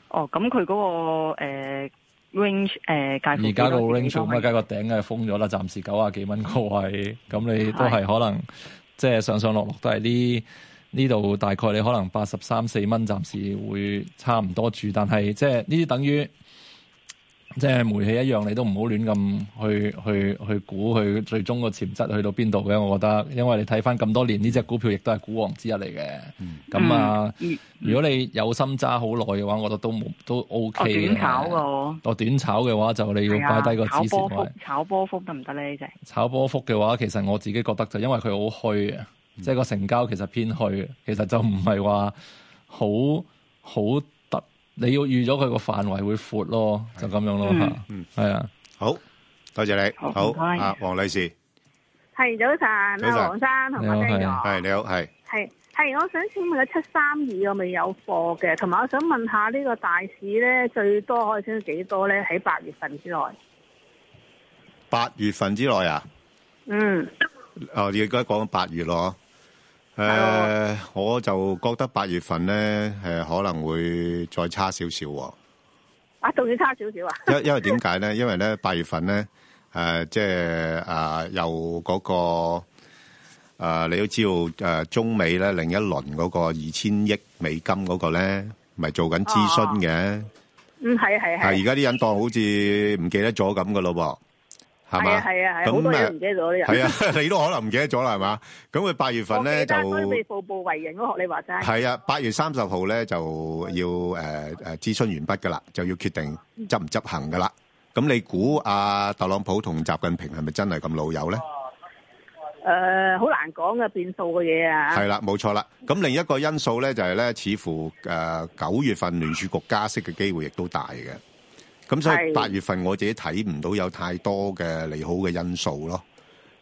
哦，咁佢嗰個、呃、range 誒、呃、介，而家個 range 咪加個頂係封咗啦，暫時九啊幾蚊個位，咁你都係可能是即係上上落落都係啲。呢度大概你可能八十三四蚊，暫時會差唔多住，但係即係呢啲等於即係煤氣一樣，你都唔好亂咁去去去，去估佢最終個潛質去到邊度嘅。我覺得，因為你睇翻咁多年呢隻股票，亦都係股王之一嚟嘅。咁、嗯、啊，嗯、如果你有心揸好耐嘅話，我覺得都冇都 OK 嘅。我短炒個短炒嘅話就你要擺低個指線。炒波幅，炒波幅得唔得咧？呢隻炒波幅嘅話，其實我自己覺得就因為佢好虛啊。嗯、即係個成交其實偏去，其實就唔係話好好突，你要預咗佢個範圍會闊咯，就咁樣咯吓。係、嗯嗯、啊，好多謝你。好，啊，黃女士，係早晨，早晨，黃生同埋天佑，係你好，係係係，我想請問個七三二我未有貨嘅，同埋我想問下呢個大市咧最多可以升到幾多咧？喺八月份之內，八月份之內啊？嗯。哦，而家講到八月咯，誒、uh, 呃，我就覺得八月份咧，誒、呃，可能會再差少少。啊，仲要差少少啊？因因為點解咧？因為咧 八月份咧，誒、呃，即係啊，嗰、呃嗰個誒、呃，你都知道誒、呃，中美咧另一輪嗰個二千億美金嗰個咧，咪做緊諮詢嘅。嗯、uh,，係係。係而家啲人當好似唔記得咗咁噶咯噃。係啊，係啊，係好多嘢唔記得咗啲人。係啊，你都可能唔記得咗啦，係嘛？咁佢八月份咧就……我記得佢哋步步為營，我學你話齋。係啊，八月三十號咧就要誒誒諮詢完畢㗎啦，就要決定執唔執行㗎啦。咁你估阿特朗普同習近平係咪真係咁老友咧？誒，好難講嘅變數嘅嘢啊！係啦，冇錯啦。咁另一個因素咧，就係咧，似乎誒九月份聯儲局加息嘅機會亦都大嘅。咁所以八月份我自己睇唔到有太多嘅利好嘅因素咯，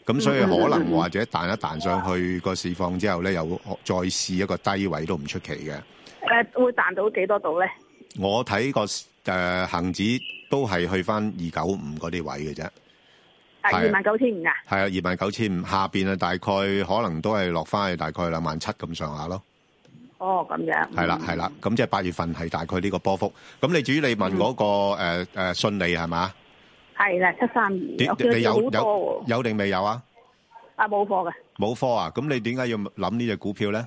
咁所以可能或者彈一彈上去個市況之後咧，又再試一個低位都唔出奇嘅。誒、啊，會彈到幾多度咧？我睇個誒恒指都係去翻二九五嗰啲位嘅啫，係二萬九千五啊。係。二九五？係啊，二萬九千五下邊啊，大概可能都係落翻去大概兩萬七咁上下咯。哦，咁樣係啦，係啦，咁即係八月份係大概呢個波幅。咁你至於你問嗰個誒誒信利係嘛？係啦，七三二，點你有有有定未有啊？啊，冇貨㗎。冇貨啊？咁你點解要諗呢隻股票咧？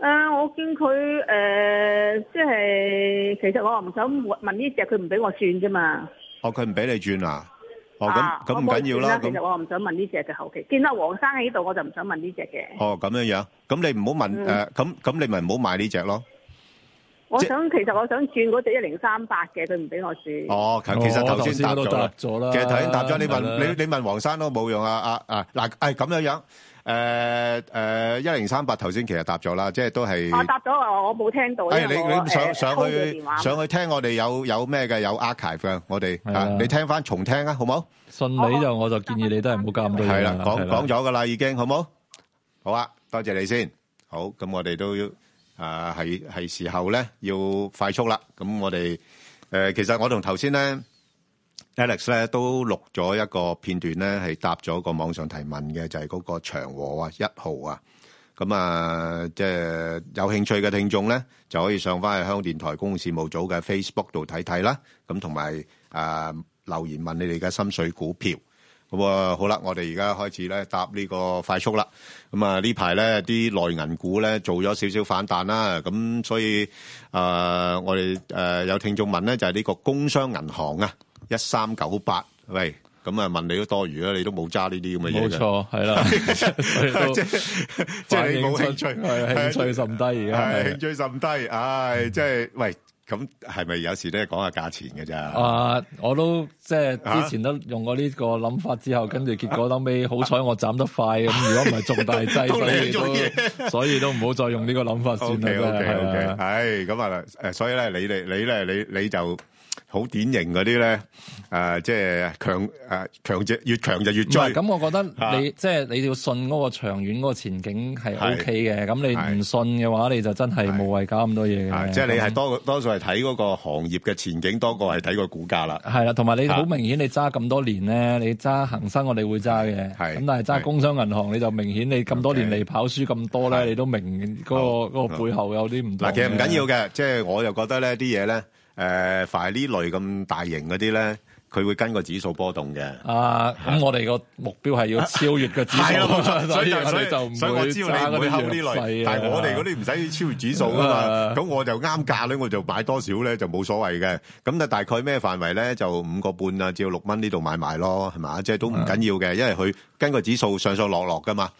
誒，我見佢誒，即係其實我唔想問呢隻，佢唔俾我轉啫嘛。哦，佢唔俾你轉啊？哦，咁咁唔緊要啦，其實我唔想問呢隻嘅後期，見到黃生喺度，我就唔想問呢隻嘅。哦，咁樣樣，咁你唔好問誒，咁咁你咪唔好買呢隻咯。我想其實我想轉嗰隻一零三八嘅，佢唔俾我轉。哦，其實頭先答咗啦，其實頭先答咗，你問你你問黃生都冇用啊啊啊，嗱，係咁樣樣。誒誒一零三八頭先其實答咗啦，即係都係。我答咗啊，我冇聽到。誒你你上上去上去聽我哋有有咩嘅有 archive 嘅，我哋啊你聽翻重聽啊，好冇？信你就我就建議你都係唔好交咁多。係啦，講講咗噶啦，已經好冇？好啊，多謝你先。好，咁我哋都要啊係係時候咧要快速啦。咁我哋誒其實我同頭先咧。Alex 咧都錄咗一個片段咧，係答咗個網上提問嘅，就係嗰個長和啊、一號啊。咁啊，即係有興趣嘅聽眾咧，就可以上翻去香港電台公共事務組嘅 Facebook 度睇睇啦。咁同埋啊，留言問你哋嘅心水股票咁啊。好啦，我哋而家開始咧，搭呢個快速啦。咁啊，呢排咧啲內銀股咧做咗少少反彈啦。咁所以啊，我哋誒有聽眾問咧，就係呢個工商銀行啊。一三九八，喂，咁啊問你都多餘啦，你都冇揸呢啲咁嘅嘢嘅，冇錯，係啦，即係即係冇興趣，興趣甚低而家，興趣甚低，唉，即係，喂，咁係咪有時都係講下價錢嘅咋？啊，我都即係之前都用過呢個諗法之後，跟住結果後尾好彩我斬得快，咁如果唔係重大劑，所以都所以都唔好再用呢個諗法算啦。O K O K O K，係咁啊，誒，所以咧，你哋你咧，你你就。好典型嗰啲咧，誒，即係強誒強者越強就越衰。咁我覺得你即係你要信嗰個長遠嗰個前景係 OK 嘅，咁你唔信嘅話，你就真係無謂搞咁多嘢嘅。即係你係多多數係睇嗰個行業嘅前景多過係睇個股價啦。係啦，同埋你好明顯你揸咁多年咧，你揸恒生我哋會揸嘅，咁但係揸工商銀行你就明顯你咁多年嚟跑輸咁多咧，你都明嗰個嗰個背後有啲唔同。嗱，其實唔緊要嘅，即係我又覺得呢啲嘢咧。誒、呃，凡係呢類咁大型嗰啲咧，佢會跟個指數波動嘅。啊，咁我哋個目標係要超越個指數，的啊、所以所以，所以就唔以我知道你會後呢類，啊、但係我哋嗰啲唔使超越指數噶嘛。咁、啊、我就啱價咧，我就買多少咧就冇所謂嘅。咁就大概咩範圍咧？就五個半啊，至到六蚊呢度買賣咯，係、就、嘛、是？即係都唔緊要嘅，因為佢跟個指數上上落落噶嘛。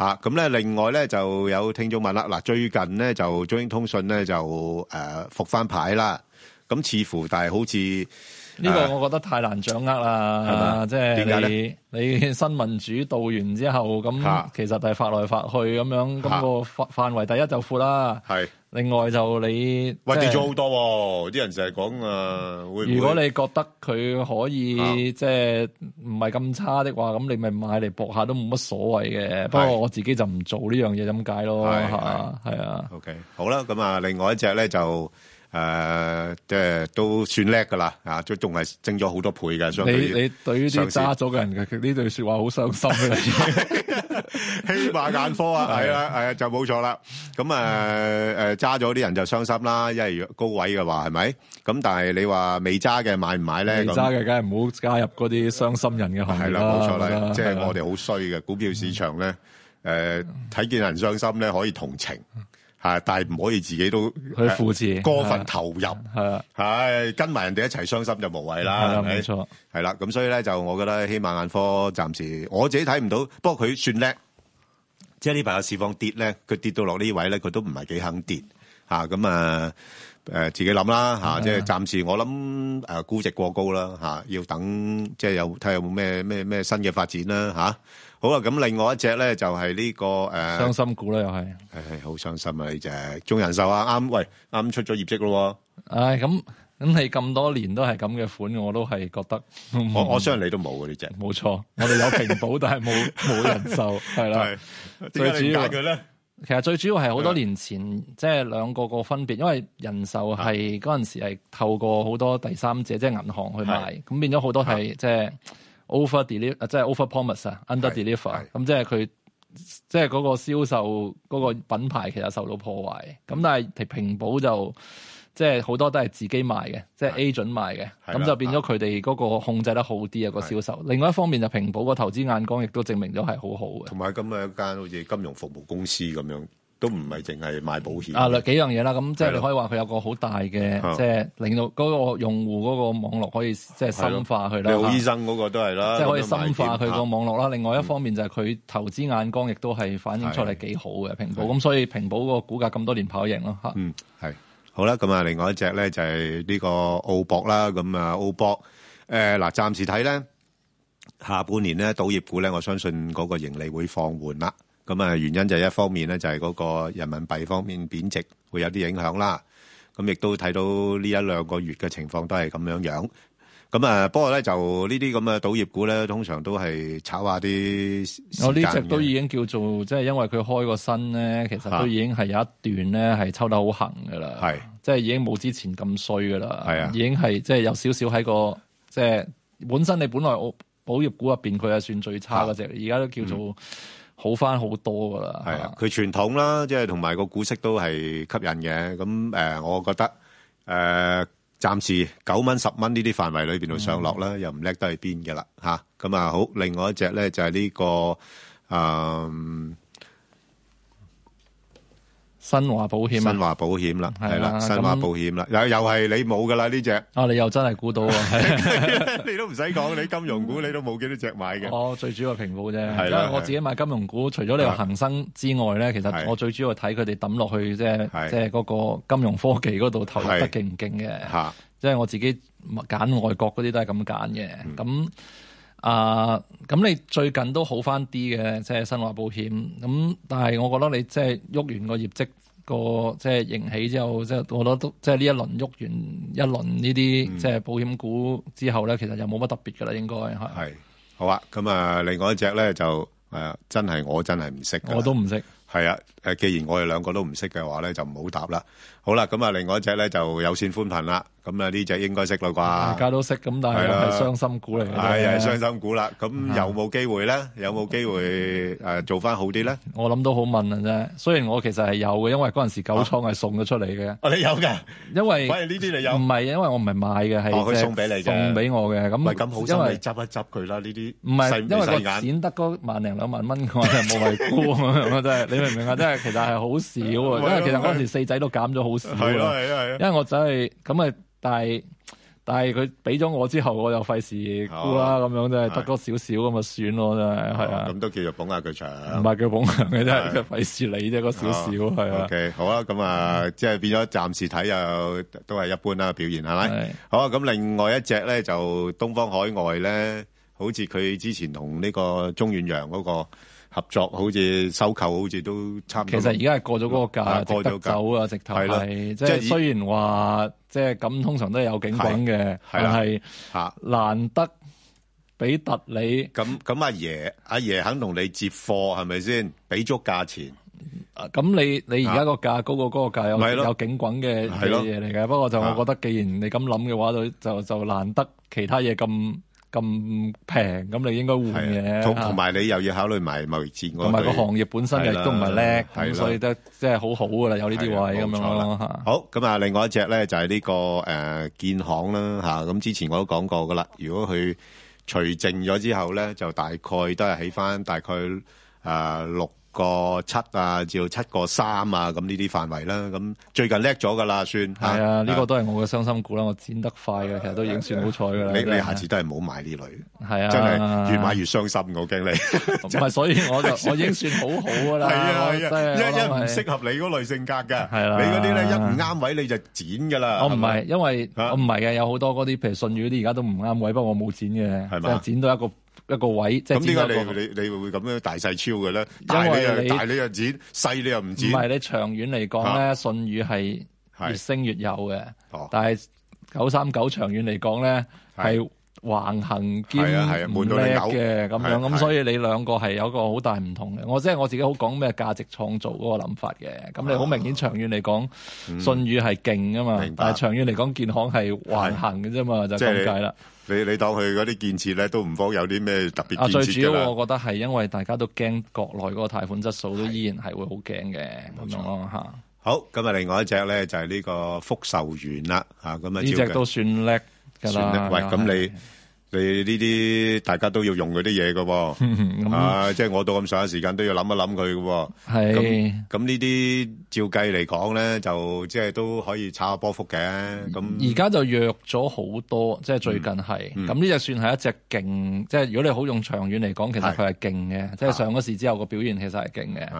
嚇、啊，咁咧另外咧就有聽眾問啦，嗱，最近咧就中英通訊咧就誒、呃、復翻牌啦。咁似乎，但係好似呢個，我覺得太難掌握啦。係嘛吧，即係你你新民主導完之後，咁其實就係發來發去咁樣，咁個範範圍第一就闊啦。係的另外就你，喂，定咗好多，哦。啲人成日講啊，會不會如果你覺得佢可以即係唔係咁差的話，咁你咪買嚟搏下都冇乜所謂嘅。不過我自己就唔做呢樣嘢，咁解咯。係係啊。的的 OK，好啦，咁啊，另外一隻咧就。誒，即係、呃、都算叻噶啦，啊，都仲係升咗好多倍㗎。你相你你對於啲揸咗嘅人嘅呢對說話好傷心嘅，希瑪眼科啊，係啦， 係啊，就冇錯啦。咁啊，誒、呃，揸咗啲人就傷心啦，因為高位嘅話係咪？咁但係你話未揸嘅買唔買咧？未揸嘅梗係唔好加入嗰啲傷心人嘅行列啦。冇錯啦，即係了我哋好衰嘅股票市場咧。誒了，睇見、呃、人傷心咧，可以同情。 啊！但係唔可以自己都去扶持，過、呃、分投入係，係、啊啊、跟埋人哋一齊傷心就無謂啦。冇錯、啊，係啦。咁、啊、所以咧，就我覺得希瑪眼科暫時我自己睇唔到，不過佢算叻，即係呢排有市況跌咧，佢跌到落呢位咧，佢都唔係幾肯跌。吓咁啊，誒、啊啊，自己諗啦吓。即係暫時我諗誒估值過高啦吓、啊，要等即係、就是、有睇有冇咩咩咩新嘅發展啦吓。啊好啦，咁另外一隻咧就係、是、呢、這個誒，傷、呃、心股啦，又係、哎，係係好傷心啊！呢隻中人壽啊，啱喂，啱出咗業績咯，唉、哎，咁咁你咁多年都係咁嘅款，我都係覺得，我我相信你都冇嘅呢隻，冇錯，我哋有平保， 但係冇冇人壽，係啦，呢最主要咧，其實最主要係好多年前，即係兩個個分別，因為人壽係嗰陣時係透過好多第三者，即係銀行去買，咁的變咗好多係即係。啊 over deliver 即係 over promise 啊，under deliver，咁是即係佢即係嗰個銷售嗰個品牌其實受到破壞，咁是但係平保就即係好多都係自己賣嘅，是即係 agent 賣嘅，咁的就變咗佢哋嗰個控制得好啲啊的個銷售。另外一方面就是平保個投資眼光亦都證明咗係好好嘅，同埋咁嘅一間好似金融服務公司咁樣。都唔係淨係賣保險啊！幾樣嘢啦，咁即係你可以話佢有個好大嘅，即係的令到嗰個用戶嗰個網絡可以即係深化佢啦。好醫生嗰個都係啦，啊、即係可以深化佢個網絡啦。啊、另外一方面就係佢投資眼光亦都係反映出嚟幾好嘅的平保，咁的所以平保個股價咁多年跑贏咯吓。嗯，係好啦，咁啊，另外一隻咧就係、是、呢個澳博啦，咁啊澳博誒嗱，暫、呃、時睇咧下半年咧賭業股咧，我相信嗰個盈利會放緩啦。咁啊，原因就係一方面咧，就係嗰個人民幣方面貶值會有啲影響啦。咁亦都睇到呢一兩個月嘅情況都係咁樣樣。咁啊，不過咧就呢啲咁嘅賭業股咧，通常都係炒下啲時間。我呢隻都已經叫做即係，因為佢開個新咧，其實都已經係有一段咧係抽得好行噶啦。係的即係已經冇之前咁衰噶啦。係啊的，已經係即係有少少喺個即係本身你本來我賭業股入邊佢係算最差嗰隻，而家的都叫做。嗯好返好多噶啦，係的啊，佢傳統啦，即係同埋個股息都係吸引嘅。咁誒、呃，我覺得誒、呃，暫時九蚊十蚊呢啲範圍裏面度上落啦，嗯、又唔叻得去邊嘅啦嚇。咁啊，好，另外一隻咧就係、是、呢、這個誒。呃新華保險新華保險啦，係啦，新華保險啦，又又係你冇噶啦呢隻，哦，你又真係估到啊，你都唔使講，你金融股你都冇幾多隻買嘅，哦，最主要係平保啫，因為我自己買金融股，除咗你話恒生之外咧，其實我最主要睇佢哋抌落去即係即係嗰個金融科技嗰度投得勁唔勁嘅，吓，即係我自己揀外國嗰啲都係咁揀嘅，咁。啊，咁你最近都好翻啲嘅，即係新華保險。咁但係，我覺得你即係喐完個業績，個即係盈喜之後，即係我覺得都即係呢一輪喐完一輪呢啲即係保險股之後咧，其實就冇乜特別噶啦，應該係，係好啊，咁啊，另外一隻咧就誒、啊，真係我真係唔識。我都唔識。係啊，誒，既然我哋兩個都唔識嘅話咧，就唔好答啦。好啦，咁啊，另外一隻咧就有線寬頻啦。咁啊，呢隻應該識啦啩？大家都識，咁但係係傷心股嚟嘅。係係傷心股啦。咁有冇機會咧？有冇機會誒做翻好啲咧？我諗都好問啊啫。雖然我其實係有嘅，因為嗰陣時九倉係送咗出嚟嘅。你有嘅，因為呢啲你有唔係，因為我唔係買嘅，係佢送俾你嘅，送俾我嘅。咁因為執一執佢啦，呢啲唔係因為個錢得嗰萬零兩萬蚊，我就冇為沽啊！我真係你明唔明啊？真係其實係好少，因為其實嗰陣時四仔都減咗好。係咯係咯係咯，因為我真係咁啊，但係但係佢俾咗我之後，我又費事估啦，咁樣真係得多少少咁啊，算咯，真係係啊。咁都叫做捧下佢場，唔係叫捧場嘅真係，費事你啫，多少少係啊。OK，好啦，咁啊，即係變咗暫時睇又都係一般啦，表現係咪？好啊，咁另外一隻咧就東方海外咧，好似佢之前同呢個中遠洋嗰個。合作好似收購，好似都差唔多。其實而家係過咗嗰個價，過咗走啊！直頭係即係雖然話即係咁，通常都係有警棍嘅，但係難得俾特你。咁咁，阿爺阿爺肯同你接貨係咪先？俾足價錢。咁你你而家個價高過嗰個價，有有警棍嘅嘢嚟嘅。不過就我覺得，既然你咁諗嘅話，就就就難得其他嘢咁。咁平咁，你應該換嘅。同埋、啊、你又要考慮埋貿易戰同埋個行業本身嘅亦都唔係叻，咁、啊、所以都即係好好噶啦，有呢啲位咁樣咯。好咁啊，另外一隻咧就係呢、呢個誒、呃、建行啦吓，咁、啊、之前我都講過噶啦，如果佢除淨咗之後咧，就大概都係起翻大概誒六。呃個七啊，照七個三啊，咁呢啲範圍啦。咁最近叻咗噶啦，算。係啊，呢個都係我嘅傷心股啦。我剪得快嘅，其實都已經算好彩噶啦。你你下次都係唔好買呢類。係啊，真係越買越傷心，我驚你。唔係，所以我就我已經算好好噶啦。係啊，一一唔適合你嗰類性格㗎。係啦，你嗰啲咧一唔啱位你就剪㗎啦。我唔係，因為我唔係嘅，有好多嗰啲譬如信譽嗰啲而家都唔啱位，不過我冇剪嘅，係嘛？剪到一個。一個位，即係點解你個你你會咁樣大細超嘅咧？大你又你大你又剪，細你又唔剪。唔係你長遠嚟講咧，信譽係越升越有嘅。的但係九三九長遠嚟講咧，係的。橫行兼到叻嘅咁樣，咁所以你兩個係有個好大唔同嘅。我即係我自己好講咩價值創造嗰個諗法嘅。咁你好明顯長遠嚟講，信譽係勁啊嘛，但係長遠嚟講，健康係橫行嘅啫嘛，就咁解啦。你你當佢嗰啲建設咧，都唔方有啲咩特別建設嘅。最主要我覺得係因為大家都驚國內嗰個貸款質素都依然係會好驚嘅咁樣咯嚇。好，咁啊，另外一隻咧就係呢個福壽園啦嚇，咁啊，呢隻都算叻㗎啦。喂，咁你？你呢啲大家都要用佢啲嘢嘅喎，啊，即係我到咁上下時間都要諗一諗佢嘅喎。係咁是，咁呢啲照計嚟講咧，就即係都可以炒下波幅嘅。咁而家就弱咗好多，即係最近係。咁呢隻算係一隻勁，即係如果你好用長遠嚟講，其實佢係勁嘅。是即係上嗰時之後個表現其實係勁嘅。是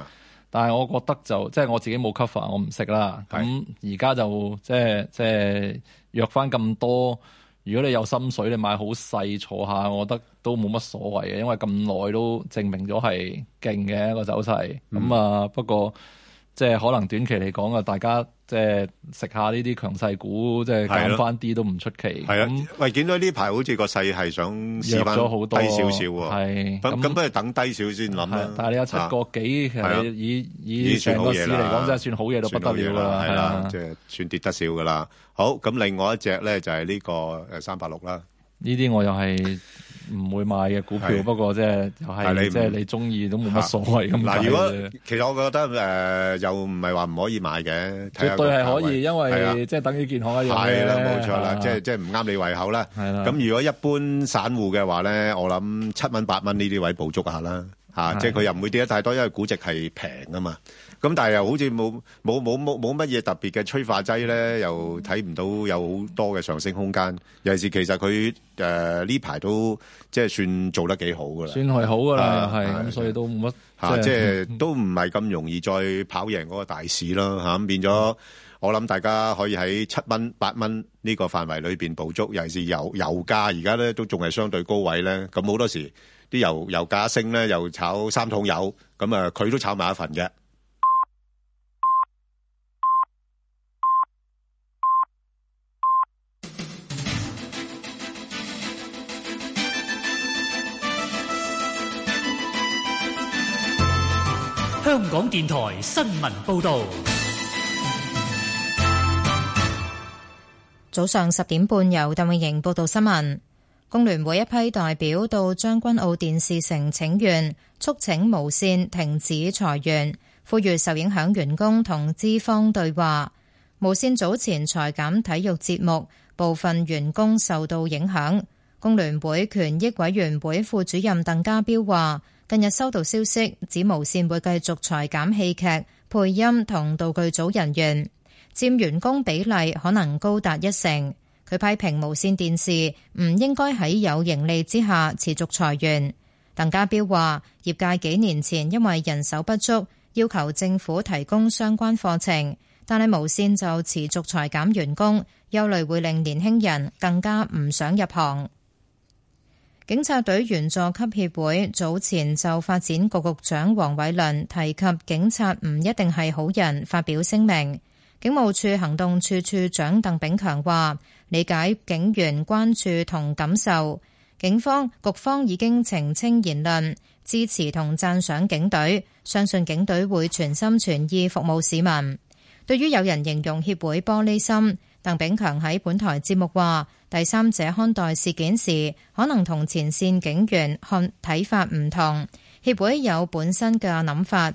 但係我覺得就即係我自己冇 cover，我唔識啦。咁而家就即係即係弱翻咁多。如果你有心水，你買好細坐下，我覺得都冇乜所謂嘅，因為咁耐都證明咗係勁嘅一個走勢。咁啊、嗯，不過。即係可能短期嚟講啊，大家即係食下呢啲強勢股，即係減翻啲都唔出奇。係啊，喂，見到呢排好似個勢係想跌咗好多，低少少喎。咁，不如等低少少先諗啦。但係你有七個幾其實以以成個市嚟講，真係算好嘢都不得了啦，係啦，即係算跌得少㗎啦。好，咁另外一隻咧就係呢個誒三百六啦。呢啲我又係唔會買嘅股票，不過即係又係即係你中意都冇乜所謂咁嗱，如果其實我覺得誒又唔係話唔可以買嘅，絕對係可以，因為即係等於健康嘅嘢咧係啦，冇錯啦，即係即係唔啱你胃口啦。係啦，咁如果一般散戶嘅話咧，我諗七蚊八蚊呢啲位捕捉下啦，吓，即係佢又唔會跌得太多，因為估值係平啊嘛。咁但係又好似冇冇冇冇冇乜嘢特別嘅催化劑咧，又睇唔到有好多嘅上升空間。尤其是其實佢誒呢排都即係算做得幾好噶啦，算係好噶啦，係咁，所以都冇乜、啊、即係、啊、即都唔係咁容易再跑贏嗰個大市啦。咁、啊、變咗，嗯、我諗大家可以喺七蚊八蚊呢個範圍裏面捕捉。尤其是油油價而家咧都仲係相對高位咧，咁好多時啲油油價升咧又炒三桶油，咁啊佢都炒埋一份嘅。香港電台新聞報道：早上十點半，由鄧永瑩報道新聞。工聯會一批代表到將軍澳電視城請願，促請無綫停止裁員，呼籲受影響員工同資方對話。無綫早前裁減體育節目，部分員工受到影響。工聯會權益委員會副主任鄧家彪話。近日收到消息，指無綫會繼續裁減戲劇配音同道具組人員，佔員工比例可能高達一成。佢批評無綫電視唔應該喺有盈利之下持續裁員。鄧家彪話：業界幾年前因為人手不足，要求政府提供相關課程，但係無綫就持續裁減員工，憂慮會令年輕人更加唔想入行。警察隊員佐級協會早前就發展局局長黃偉綸，提及警察唔一定係好人發表聲明，警務處行動處處長鄧炳強話，理解警員關注同感受，警方局方已經澄清言論，支持同讚賞警隊，相信警隊會全心全意服務市民。對於有人形容協會玻璃心，鄧炳強喺本台節目話。第三者看待事件時可能同前線警員看睇法唔同。協會有本身嘅諗法。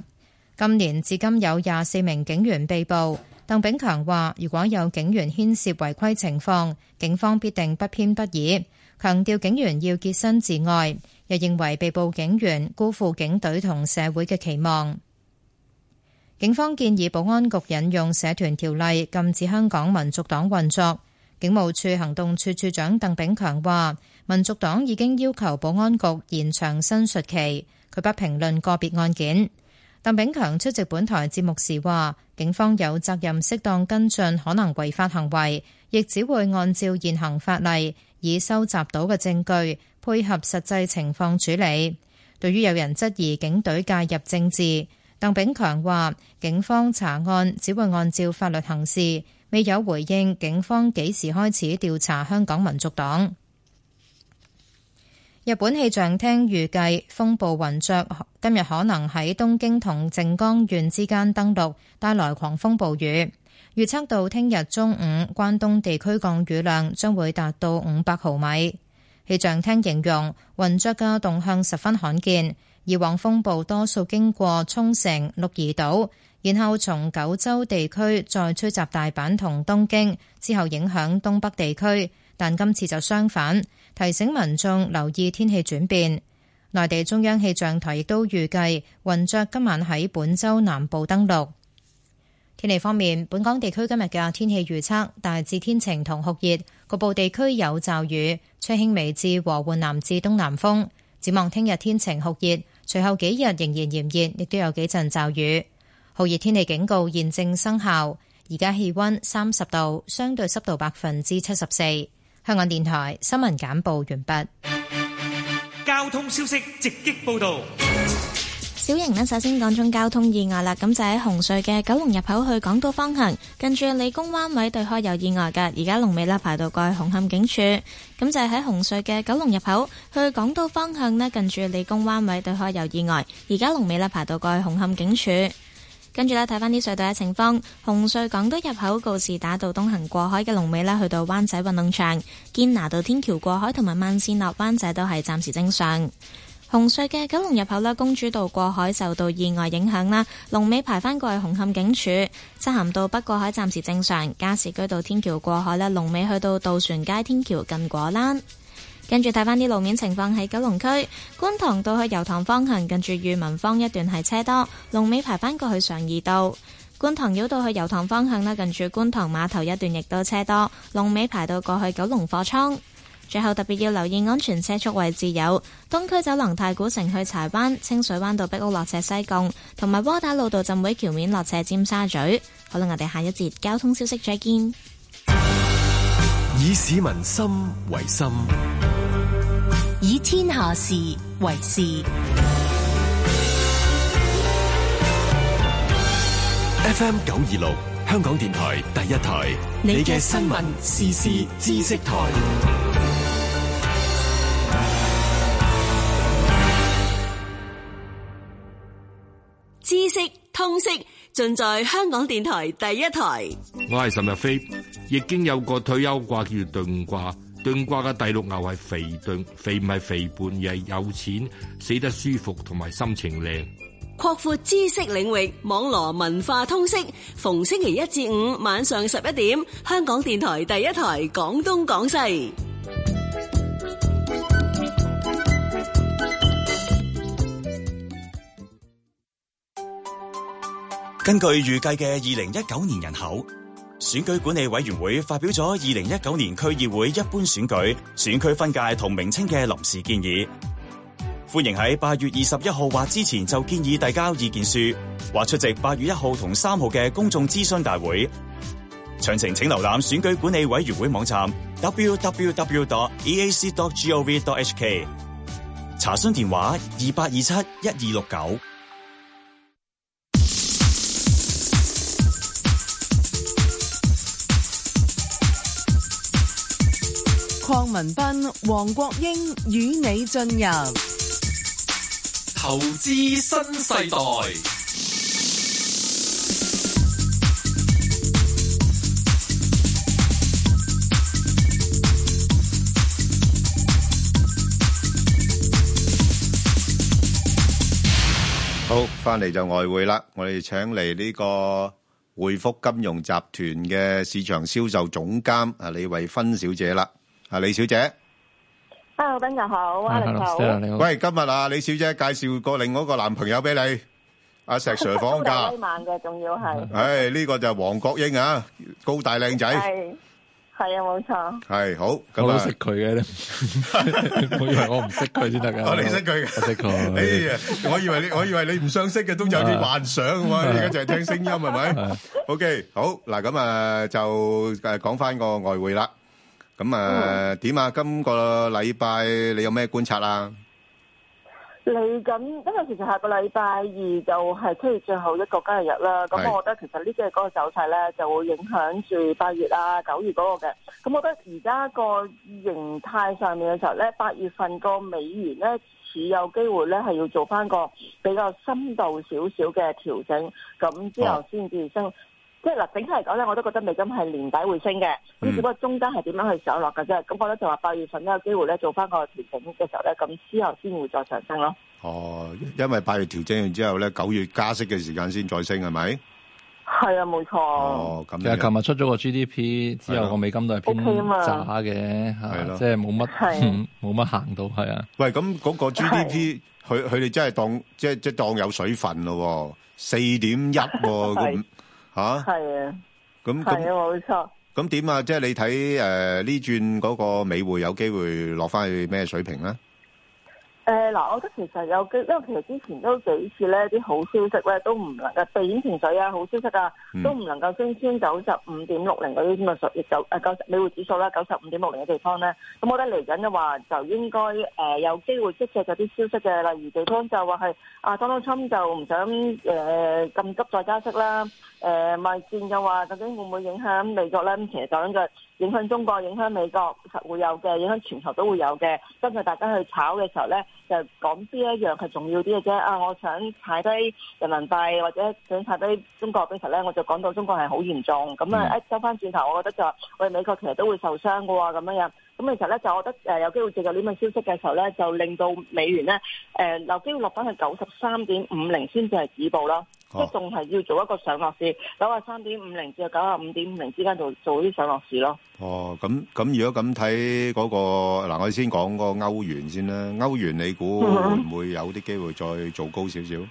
今年至今有廿四名警員被捕。鄧炳強話，如果有警員牽涉違規情況，警方必定不偏不倚，強調警員要潔身自愛，又認為被捕警員辜負警隊同社會嘅期望。警方建議保安局引用社團條例禁止香港民族黨運作。警務處行動處處長鄧炳強話，民族黨已經要求保安局延長申述期，佢不評論個別案件。鄧炳強出席本台節目時話，警方有責任適當跟進可能違法行為，亦只會按照現行法例以收集到嘅證據配合實際情況處理。對於有人質疑警隊介入政治，鄧炳強話，警方查案只會按照法律行事。未有回應警方幾時開始調查香港民族黨。日本氣象廳預計風暴雲雀今日可能喺東京同靜岡縣之間登陸，帶來狂風暴雨。預測到聽日中午，關東地區降雨量將會達到五百毫米。氣象廳形容雲雀嘅動向十分罕見，以往風暴多數經過沖繩、鹿兒島。然後從九州地區再吹襲大阪同東京，之後影響東北地區。但今次就相反，提醒民眾留意天氣轉變。內地中央氣象台亦都預計雲雀今晚喺本州南部登陸。天氣方面，本港地區今日嘅天氣預測大致天晴同酷熱，局部地區有驟雨，吹輕微至和緩南至東南風。展望聽日天晴酷熱，隨後幾日仍然炎熱，亦都有幾陣驟雨。酷熱天氣警告現正生效，而家氣温三十度，相對濕度百分之七十四。香港電台新聞簡報完畢。交通消息直擊報道，小瑩呢，首先講種交通意外啦。咁就喺紅隧嘅九龍入口去港島方向，近住理工灣位對開有意外噶，而家龍尾啦排到過去紅磡警署。咁就喺紅隧嘅九龍入口去港島方向呢，近住理工灣位對開有意外，而家龍尾啦排到過去紅磡警署。跟住咧，睇翻啲隧道嘅情況。紅隧港島入口告士打道東行過海嘅龍尾咧，去到灣仔運動場堅拿道天橋過海，同埋慢線落灣仔都係暫時正常。紅隧嘅九龍入口啦，公主道過海受到意外影響啦，龍尾排返過去紅磡警署，漆咸道北過海暫時正常。加士居道天橋過海啦，龍尾去到渡船街天橋近果欄。跟住睇翻啲路面情況，喺九龍區觀塘到去油塘方向，近住裕民坊一段係車多，龍尾排翻過去常怡道；觀塘繞道去油塘方向咧，近住觀塘碼頭一段亦都車多，龍尾排到過去九龍貨倉。最後特別要留意安全車速位置有東區走廊太古城去柴灣、清水灣道壁屋落斜西貢，同埋窩打老道浸會橋面落斜尖沙咀。好啦，我哋下一節交通消息再見。以市民心為心。天下事為事，FM 九二六香港電台第一台，你嘅新聞時事知識台，知識通識盡在香港電台第一台。我係岑日飛，亦經有個退休卦叫頓卦。遁卦嘅第六牛係肥遁，肥唔係肥胖，而係有錢，死得舒服同埋心情靚。擴闊知識領域，網羅文化通識。逢星期一至五晚上十一點，香港電台第一台廣東廣西。根據預計嘅二零一九年人口。選舉管理委員會發表咗二零一九年區議會一般選舉選區分界同名稱嘅臨時建議，歡迎喺八月二十一號或之前就建議遞交意見書，或出席八月一號同三號嘅公眾諮詢大會。詳情請瀏覽選舉管理委員會網站 www.eac.gov.hk，查詢電話二八二七一二六九。民彬、黃國英與你進入投資新世代。好，翻嚟就外匯啦。我哋請嚟呢個匯福金融集團嘅市場銷售總監啊，李慧芬小姐啦。阿李小姐，Hello，彬，你好，阿玲舅，喂，今日阿李小姐介紹個另外一個男朋友俾你，阿石 Sir 方家，威猛嘅，仲要係，唉，呢個就係黃國英啊，高大靚仔，係，係啊，冇錯，係好，我都識佢嘅，我以為我唔識佢先得噶，我哋識佢，我識佢，你以為，我以為你，我以為你唔相識嘅都有啲幻想，我而家就係聽聲音係咪？OK，好，嗱咁啊，就誒講翻個外匯啦。咁誒，點啊、呃嗯？今個禮拜你有咩觀察啦、啊？嚟緊，因為其實下個禮拜二就係七月最後一個交易日啦。咁是我覺得其實呢幾日嗰個走勢咧，就會影響住八月啊、九月嗰個嘅。咁我覺得而家個形態上面嘅時候咧，八月份個美元咧，似有機會咧係要做翻個比較深度少少嘅調整，咁之後先至升。啊即係嗱，整體嚟講咧，我都覺得美金係年底會升嘅，咁、嗯、只不過中間係點樣去走落嘅啫。咁我覺得就話八月份都有機會咧做翻個調整嘅時候咧，咁之後先會再上升咯。哦，因為八月調整完之後咧，九月加息嘅時間先再升係咪？係啊，冇錯。哦，咁。即係琴日出咗個 GDP 之後，個美金都係偏窄嘅、okay，係咯，啊、的即係冇乜，冇乜行到，係啊。喂，咁嗰個 GDP 佢佢哋真係當即即、即係、當有水分咯，四點一喎。吓係啊，咁係啊，冇錯。咁點啊？即係你睇誒呢轉嗰個美匯有機會落翻去咩水平咧？誒，嗱，我覺得其實有機因為其實之前都幾次咧啲好消息咧都唔能夠避險情緒啊，好消息啊，都唔能夠升穿九十五點六零嗰啲咁嘅數，亦就誒九美匯指數啦，九十五點六零嘅地方咧。咁我覺得嚟緊嘅話就應該誒、呃、有機會積聚咗啲消息嘅，例如對方就話係啊 Donald Trump 就唔想誒咁、呃、急再加息啦。誒賣斷嘅話，究竟會唔會影響美國咧？咁其實就咁嘅影響中國、影響美國，實會有嘅，影響全球都會有嘅。跟住大家去炒嘅時候咧，就講邊一樣係重要啲嘅啫。啊，我想踩低人民幣，或者想踩低中國呢，其實咧我就講到中國係好嚴重。咁啊，一收翻轉頭，我覺得就我哋、哎、美國其實都會受傷嘅喎，咁樣樣。咁其實咧就我覺得誒有機會接受呢個消息嘅時候咧，就令到美元咧誒有機會落翻去九十三點五零先至係止步咯。都仲係要做一個上落市，九十三點五零至到九十五點五零之間做做啲上落市咯。哦，咁咁如果咁睇嗰個，嗱，我哋先講個歐元先啦。歐元你估會唔會有啲機會再做高少少？嗯嗯嗯嗯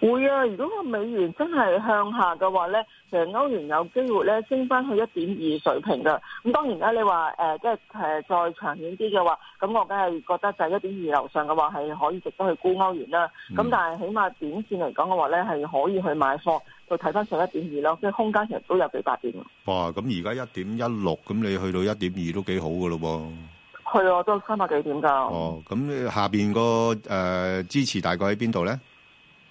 會啊！如果個美元真係向下嘅話咧，其實歐元有機會咧升翻去一點二水平噶。咁當然啦，你話誒、呃，即係誒，再長遠啲嘅話，咁我梗係覺得就係一點二樓上嘅話係可以值得去沽歐元啦。咁、嗯、但係起碼短線嚟講嘅話咧，係可以去買貨就睇翻上一點二咯，即係空間其實都有幾百點。哇！咁而家一點一六，咁你去到一點二都幾好噶咯噃。係啊，都三百幾點噶。哦，咁下邊個誒支持大概喺邊度咧？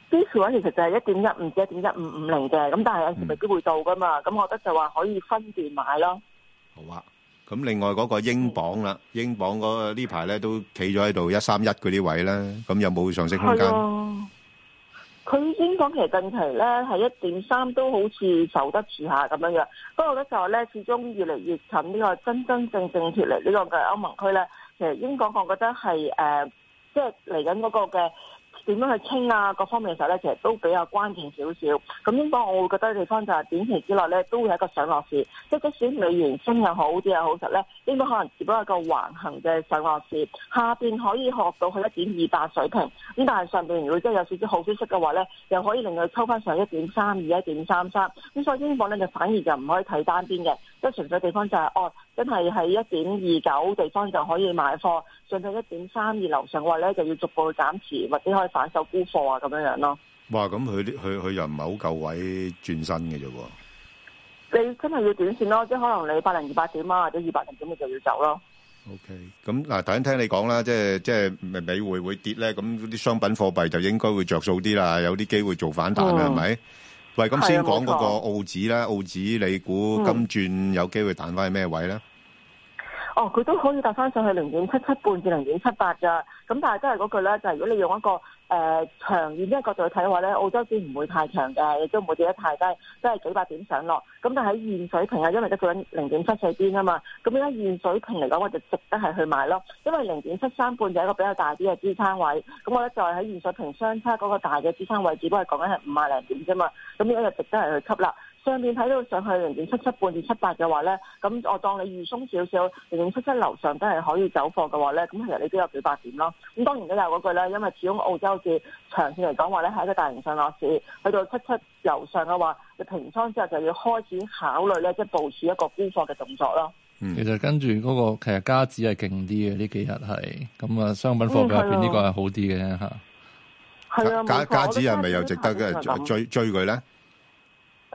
支持位其實就係一點一五至一點一五五零嘅，咁但係有時未必會到噶嘛，咁我覺得就話可以分段買咯。好啊，咁另外嗰個英鎊啦，英鎊嗰個呢排咧都企咗喺度一三一嗰啲位咧，咁有冇上升空間？佢英鎊其實近期咧係一點三都好似受得住下咁樣樣，不過咧就話咧始終越嚟越近呢個真真正正脫離呢個嘅歐盟區咧，其實英鎊我覺得係誒，即係嚟緊嗰個嘅。點樣去清啊？各方面嘅時候咧，其實都比較關鍵少少。咁英國我會覺得地方就係短期之內咧，都會有一個上落市。即係即使美元升又好啲又好實咧，應該可能只不過係個橫行嘅上落市。下面可以學到去一點二八水平，咁但係上面如果真係有少少好消息嘅話咧，又可以令佢抽翻上一點三二、一點三三。咁所以英國咧就反而就唔可以睇單邊嘅。即係純粹地方就係哦，真係喺一點二九地方就可以買貨，上到一點三二樓上嘅話咧，就要逐步減持或者可以反手沽貨啊咁樣樣咯。哇！咁佢佢佢又唔係好夠位轉身嘅啫喎。你真係要短線咯，即係可能你八零二八點啊，或者二百零點你就要走咯。OK，咁嗱，頭先聽你講啦，即係即係美匯會會跌咧，咁啲商品貨幣就應該會著數啲啦，有啲機會做反彈嘅係咪？喂，咁先講嗰個澳指啦，澳指你估金轉有機會彈返翻咩位呢？哦，佢都可以搭翻上去零點七七半至零點七八㗎。咁但係都係嗰句咧，就係、如果你用一個誒、呃、長遠一個角度去睇嘅話咧，澳洲線唔會太強㗎，亦都唔會跌得太低，都係幾百點上落。咁但係喺現水平啊，因為得個人零點七四邊啊嘛。咁而家現水平嚟講，我就值得係去買咯。因為零點七三半就係一個比較大啲嘅支撐位。咁我咧就係喺現水平相差嗰個大嘅支撐位，只不過講緊係五萬零點啫嘛。咁呢家就值得係去吸啦。上面睇到上去零點七七半至七八嘅話咧，咁我當你預鬆少少，零點七七樓上都係可以走貨嘅話咧，咁其實你都有幾百點咯。咁當然都有嗰句咧，因為始終澳洲嘅長線嚟講話咧係一個大型上落市，去到七七樓上嘅話，你平倉之後就要開始考慮咧，即係部署一個沽貨嘅動作咯。嗯，其實跟住嗰個，其實加紙係勁啲嘅，呢幾日係咁啊，商品貨幣入邊呢個係好啲嘅嚇。係啊，加加紙係咪又值得嘅追追佢咧？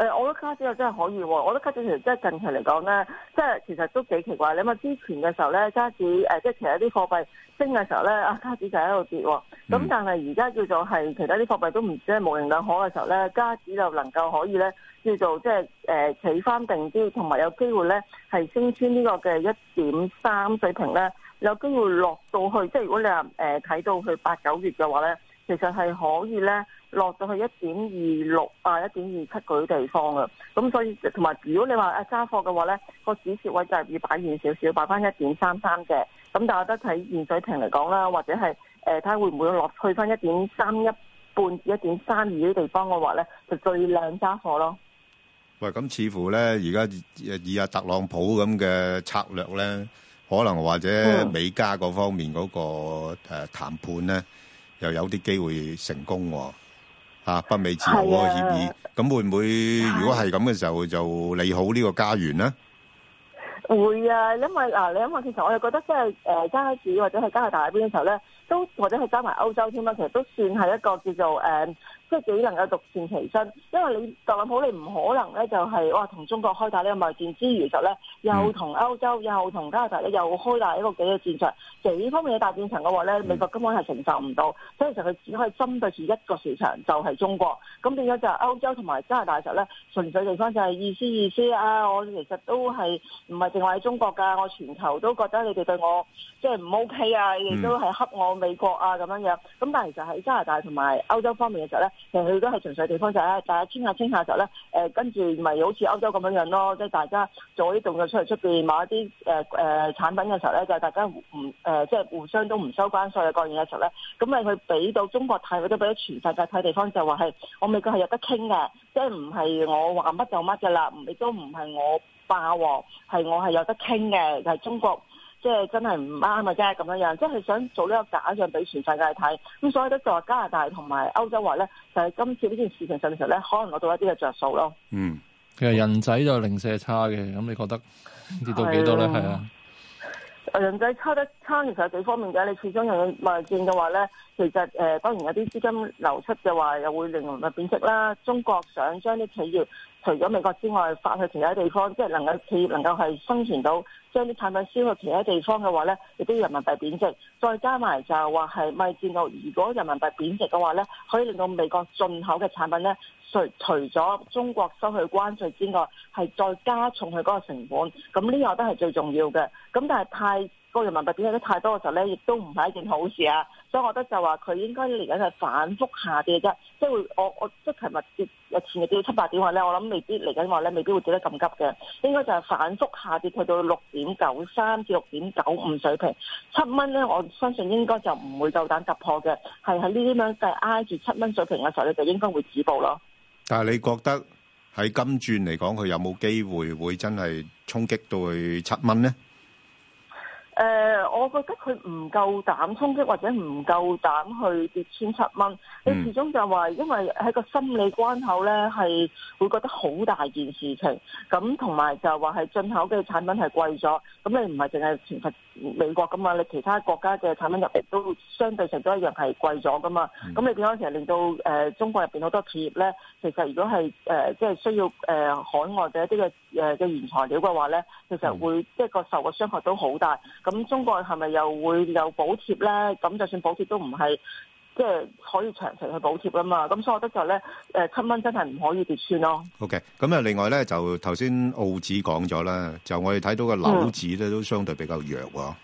我覺得加紙又真係可以喎。我覺得加紙其實真係近期嚟講咧，即係其實都幾奇怪。你咪之前嘅時候咧，加紙誒即係其他啲貨幣升嘅時候咧，啊加紙就喺度跌喎。咁但係而家叫做係其他啲貨幣都唔即係模棱兩可嘅時候咧，加紙就能夠可以咧叫做即係起企翻定啲，同埋有機會咧係升穿呢個嘅一點三水平咧，有機會落到去。即係如果你話睇到去八九月嘅話咧，其實係可以咧。落到去一點二六啊，一點二七啲地方啊，咁所以同埋如果你話誒揸貨嘅話咧，個止蝕位就係要擺遠少少，擺翻一點三三嘅。咁但係我覺得睇現水平嚟講啦，或者係誒睇下會唔會落去翻一點三一半、一點三二啲地方嘅話咧，就最靚揸貨咯。喂，咁似乎咧，而家以以特朗普咁嘅策略咧，可能或者美加嗰方面嗰、嗰個談、嗯啊、談判咧，又有啲機會成功喎、哦。啊，北美治嗰個協議，咁會唔會如果係咁嘅時候就利好呢個加元咧？會啊，因為嗱，你諗下其實我哋覺得即係誒加子或者係加拿大邊嘅時候咧，都或者係加埋歐洲添啦，其實都算係一個叫做誒。即係幾能夠獨善其身，因為你特朗普你唔可能咧就係、是、哇同中國開打呢個貿戰之餘，就咧又同歐洲又同加拿大又開大一個幾個戰場，幾方面嘅大戰場嘅話咧，美國根本係承受唔到，所以其實佢只可以針對住一個市場，就係、是、中國。咁變咗就係歐洲同埋加拿大嘅時候咧，純粹地方就係意思意思啊！我其實都係唔係淨係喺中國㗎，我全球都覺得你哋對我即係唔 OK 啊，亦都係黑我美國啊咁樣樣。咁但係其實喺加拿大同埋歐洲方面嘅時候咧。誒佢都係純粹地方就係大家傾下傾下就咧跟住咪好似歐洲咁樣囉，咯，即係大家做啲動作出嚟出面買一啲、呃、產品嘅時候咧，就大家唔、呃、即係互相都唔收關稅嘅各樣嘅時候咧，咁你佢俾到中國睇，佢都俾到全世界睇地方就話係我美國係有得傾嘅，即係唔係我話乜就乜嘅啦，亦都唔係我霸王，係我係有得傾嘅，係、就係、中國。即係真係唔啱啊！即係咁樣樣，即係想做呢個假象俾全世界睇。咁所以咧就話加拿大同埋歐洲話咧，就係、是、今次呢件事情上嘅時候咧，可能攞到一啲嘅着數咯。嗯，其實人仔就零舍差嘅，咁你覺得跌到幾多咧？係啊的，的人仔差得差其實幾方面嘅。你始終用外匯券嘅話咧，其實誒、呃、當然有啲資金流出嘅話，又會令到貶值啦。中國想將啲企業除咗美國之外，發去其他地方，即係能夠企業能夠係生存到，將啲產品銷去其他地方嘅話咧，亦都要人民幣貶值，再加埋就係話係咪戰到，如果人民幣貶值嘅話咧，可以令到美國進口嘅產品咧，除除咗中國收取關稅之外，係再加重佢嗰個成本。咁呢個都係最重要嘅。咁但係太，個人民幣跌得太多嘅時候咧，亦都唔係一件好事啊！所以，我覺得就話佢應該嚟緊係反覆下跌啫，即係會我我即係琴日跌前日跌到七八點話咧，我諗未必嚟緊話咧，未必會跌得咁急嘅，應該就係反覆下跌去到六點九三至六點九五水平，七蚊咧，我相信應該就唔會夠膽突破嘅，係喺呢啲咁樣計挨住七蚊水平嘅時候咧，就應該會止步咯。但係你覺得喺金轉嚟講，佢有冇機會會真係衝擊到去七蚊咧？誒、呃，我覺得佢唔夠膽衝擊，或者唔夠膽去跌千七蚊。你始終就話，因為喺個心理關口咧，係會覺得好大件事情。咁同埋就話係進口嘅產品係貴咗，咁你唔係淨係前實。美國咁嘛，你其他國家嘅產品入嚟都相對上都一樣係貴咗噶嘛，咁你變咗成日令到誒、呃、中國入邊好多企業咧，其實如果係誒、呃、即係需要誒海、呃、外嘅一啲嘅誒嘅原材料嘅話咧，其實會即係個受嘅傷害都好大。咁中國係咪又會有補貼咧？咁就算補貼都唔係。即係可以長期去補貼啦嘛，咁所以我覺得就咧，誒七蚊真係唔可以跌穿咯、哦。OK，咁啊，另外咧就頭先澳紙講咗啦，就我哋睇到個紐紙咧都相對比較弱喎、哦。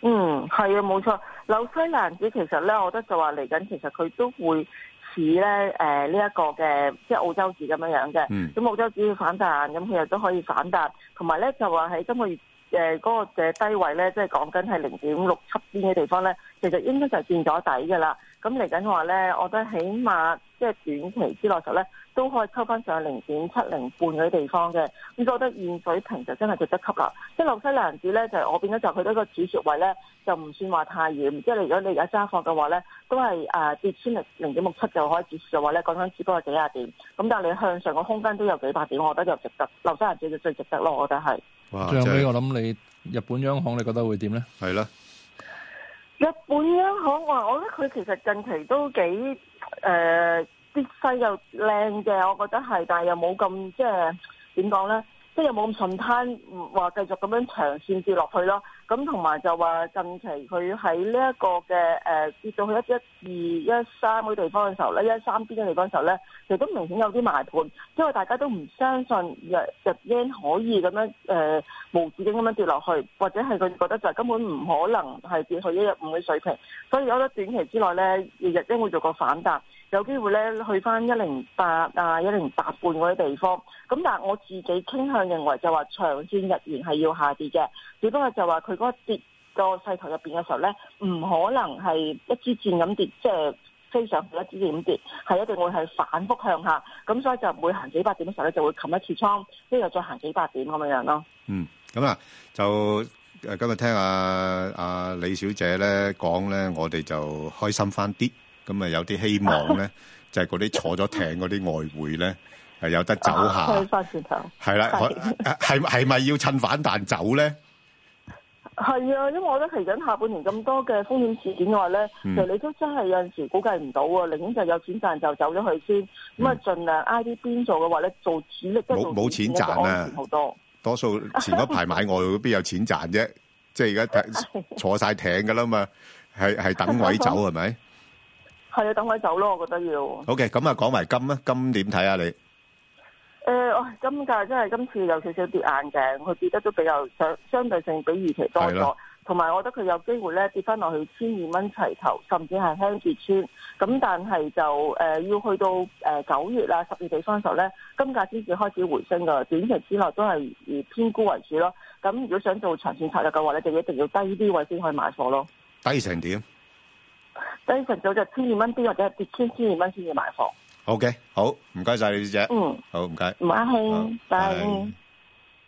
嗯，係啊，冇錯，紐西蘭紙其實咧，我覺得就話嚟緊，其實佢都會似咧誒呢一、呃這個嘅即係澳洲紙咁樣樣嘅。咁、嗯、澳洲紙要反彈，咁佢又都可以反彈，同埋咧就話喺今個月。誒嗰、呃那個嘅低位咧，即係講緊係零點六七邊嘅地方咧，其實應該就係墊咗底㗎啦。咁嚟緊嘅話咧，我覺得起碼即係、就是、短期之內實咧，都可以抽翻上零點七零半嗰啲地方嘅。咁我覺得現水平就真係值得吸啦。即係紐西蘭子咧，就我變咗就佢嗰個止蝕位咧，就唔、是、算話太遠。即、就、係、是、如果你而家揸貨嘅話咧，都係誒、呃、跌穿零點六七就可以接受嘅話咧，講緊只不過幾廿點。咁但係你向上嘅空間都有幾百點，我覺得就值得。紐西蘭子，就最值得咯，我覺得係。啊、最後屘，就是、我諗你日本央行你覺得會點咧？係啦，日本央行我我覺得佢其實近期都幾誒，啲、呃、西又靚嘅，我覺得係，但係又冇咁即係點講咧？呃怎即係冇咁順攤，話繼續咁樣長線跌落去咯。咁同埋就話近期佢喺呢一個嘅誒跌到去一一二一三嗰啲地方嘅時候咧，一三邊嘅地方嘅時候咧，其實都明顯有啲賣盤，因為大家都唔相信日入 y 可以咁樣誒、呃、無止境咁樣跌落去，或者係佢覺得就根本唔可能係跌去一日五嘅水平，所以我覺得短期之內咧，日英 y 會做個反彈。有機會咧，去翻一零八啊，一零八半嗰啲地方。咁但係我自己傾向認為就話長線日元係要下跌嘅。只不過就話佢嗰個跌個勢頭入邊嘅時候咧，唔可能係一支箭咁跌，即係非常少一支箭咁跌，係一定會係反覆向下。咁所以就每行幾百點嘅時候咧，就會冚一次倉，之後再行幾百點咁樣樣咯。嗯，咁啊，就誒今日聽阿、啊、阿、啊、李小姐咧講咧，我哋就開心翻啲。咁啊，有啲希望咧，就係嗰啲坐咗艇嗰啲外匯咧，係有得走下，反轉頭。係啦，係咪要趁反彈走咧？係啊，因為我覺得其實下半年咁多嘅風險事件嘅話咧，其實你都真係有陣時估計唔到啊。寧願就有錢賺就走咗去先，咁啊，儘量挨啲邊做嘅話咧，做主力都冇冇錢賺啊！好多多數前嗰排買外邊有錢賺啫，即係而家坐晒艇㗎啦嘛，係等位走係咪？係啊，等佢走咯，我覺得要。OK，咁啊講埋金啦，金點睇啊你？誒、呃，金價真係今次有少少跌硬嘅，佢跌得都比較相相對性比預期多咗，同埋的我覺得佢有機會咧跌翻落去千二蚊齊頭，甚至係輕跌穿。咁但係就誒、呃、要去到誒九月啊十二月份時候咧，金價先至開始回升噶。短期之內都係以偏沽為主咯。咁如果想做長線策略嘅話咧，就一定要低啲位先可以買貨咯。低成點？所以晨早就千二蚊啲，或者跌千千二蚊先要買貨。O、okay, K，好，唔該晒李小姐。嗯，好，唔該。吳阿慶，拜好。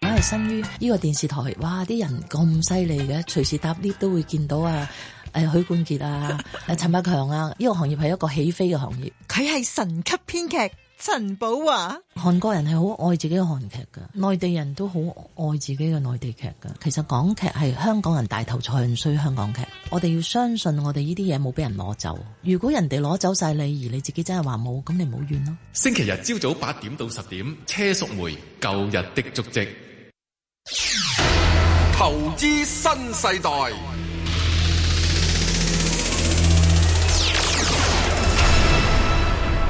我係生於呢個電視台，哇！啲人咁犀利嘅，隨時搭 lift 都會見到啊！誒，許冠傑啊，誒，陳百強啊，呢、啊啊這個行業係一個起飛嘅行業。佢係神級編劇。陳寶華，韓國人係好愛自己嘅韓劇噶，內地人都好愛自己嘅內地劇噶。其實港劇係香港人大頭，才唔衰香港劇。我哋要相信我哋呢啲嘢冇俾人攞走。如果人哋攞走晒你，而你自己真係話冇，咁你唔好怨咯。星期日朝早八點到十點，車淑梅，舊日的足跡，投資新世代。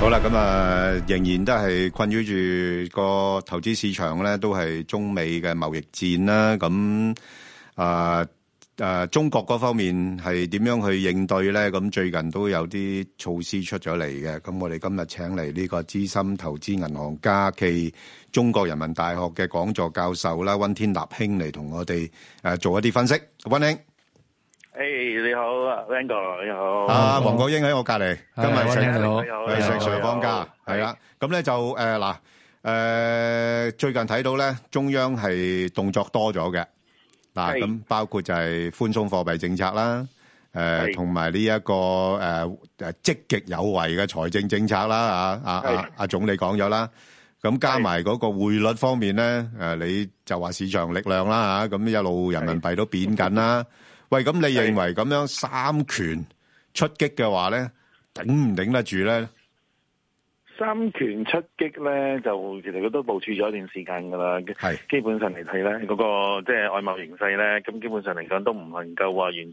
好啦，咁啊，仍然都係困擾住個投資市場咧，都係中美嘅貿易戰啦。咁啊、呃呃、中國嗰方面係點樣去應對咧？咁最近都有啲措施出咗嚟嘅。咁我哋今日請嚟呢個資深投資銀行家、暨中國人民大學嘅講座教授啦，溫天納兄嚟同我哋誒做一啲分析，溫兄。誒，你好，Rango，你好。啊，黃國英喺我隔籬，今日請嚟，你好，你好。係正常放假，係啦。咁咧就誒嗱誒，最近睇到咧，中央係動作多咗嘅嗱。咁包括就係寬鬆貨幣政策啦，誒，同埋呢一個誒誒積極有為嘅財政政策啦。啊啊啊，阿總理講咗啦，咁加埋嗰個匯率方面咧，誒，你就話市場力量啦吓，咁一路人民幣都貶緊啦。喂，咁你認為咁樣三權出擊嘅話咧，頂唔頂得住咧？三權出擊咧，就其實佢都部署咗一段時間噶啦。係是基本上嚟睇咧，嗰、那個即係、就是、外貿形勢咧，咁基本上嚟講都唔能夠話完全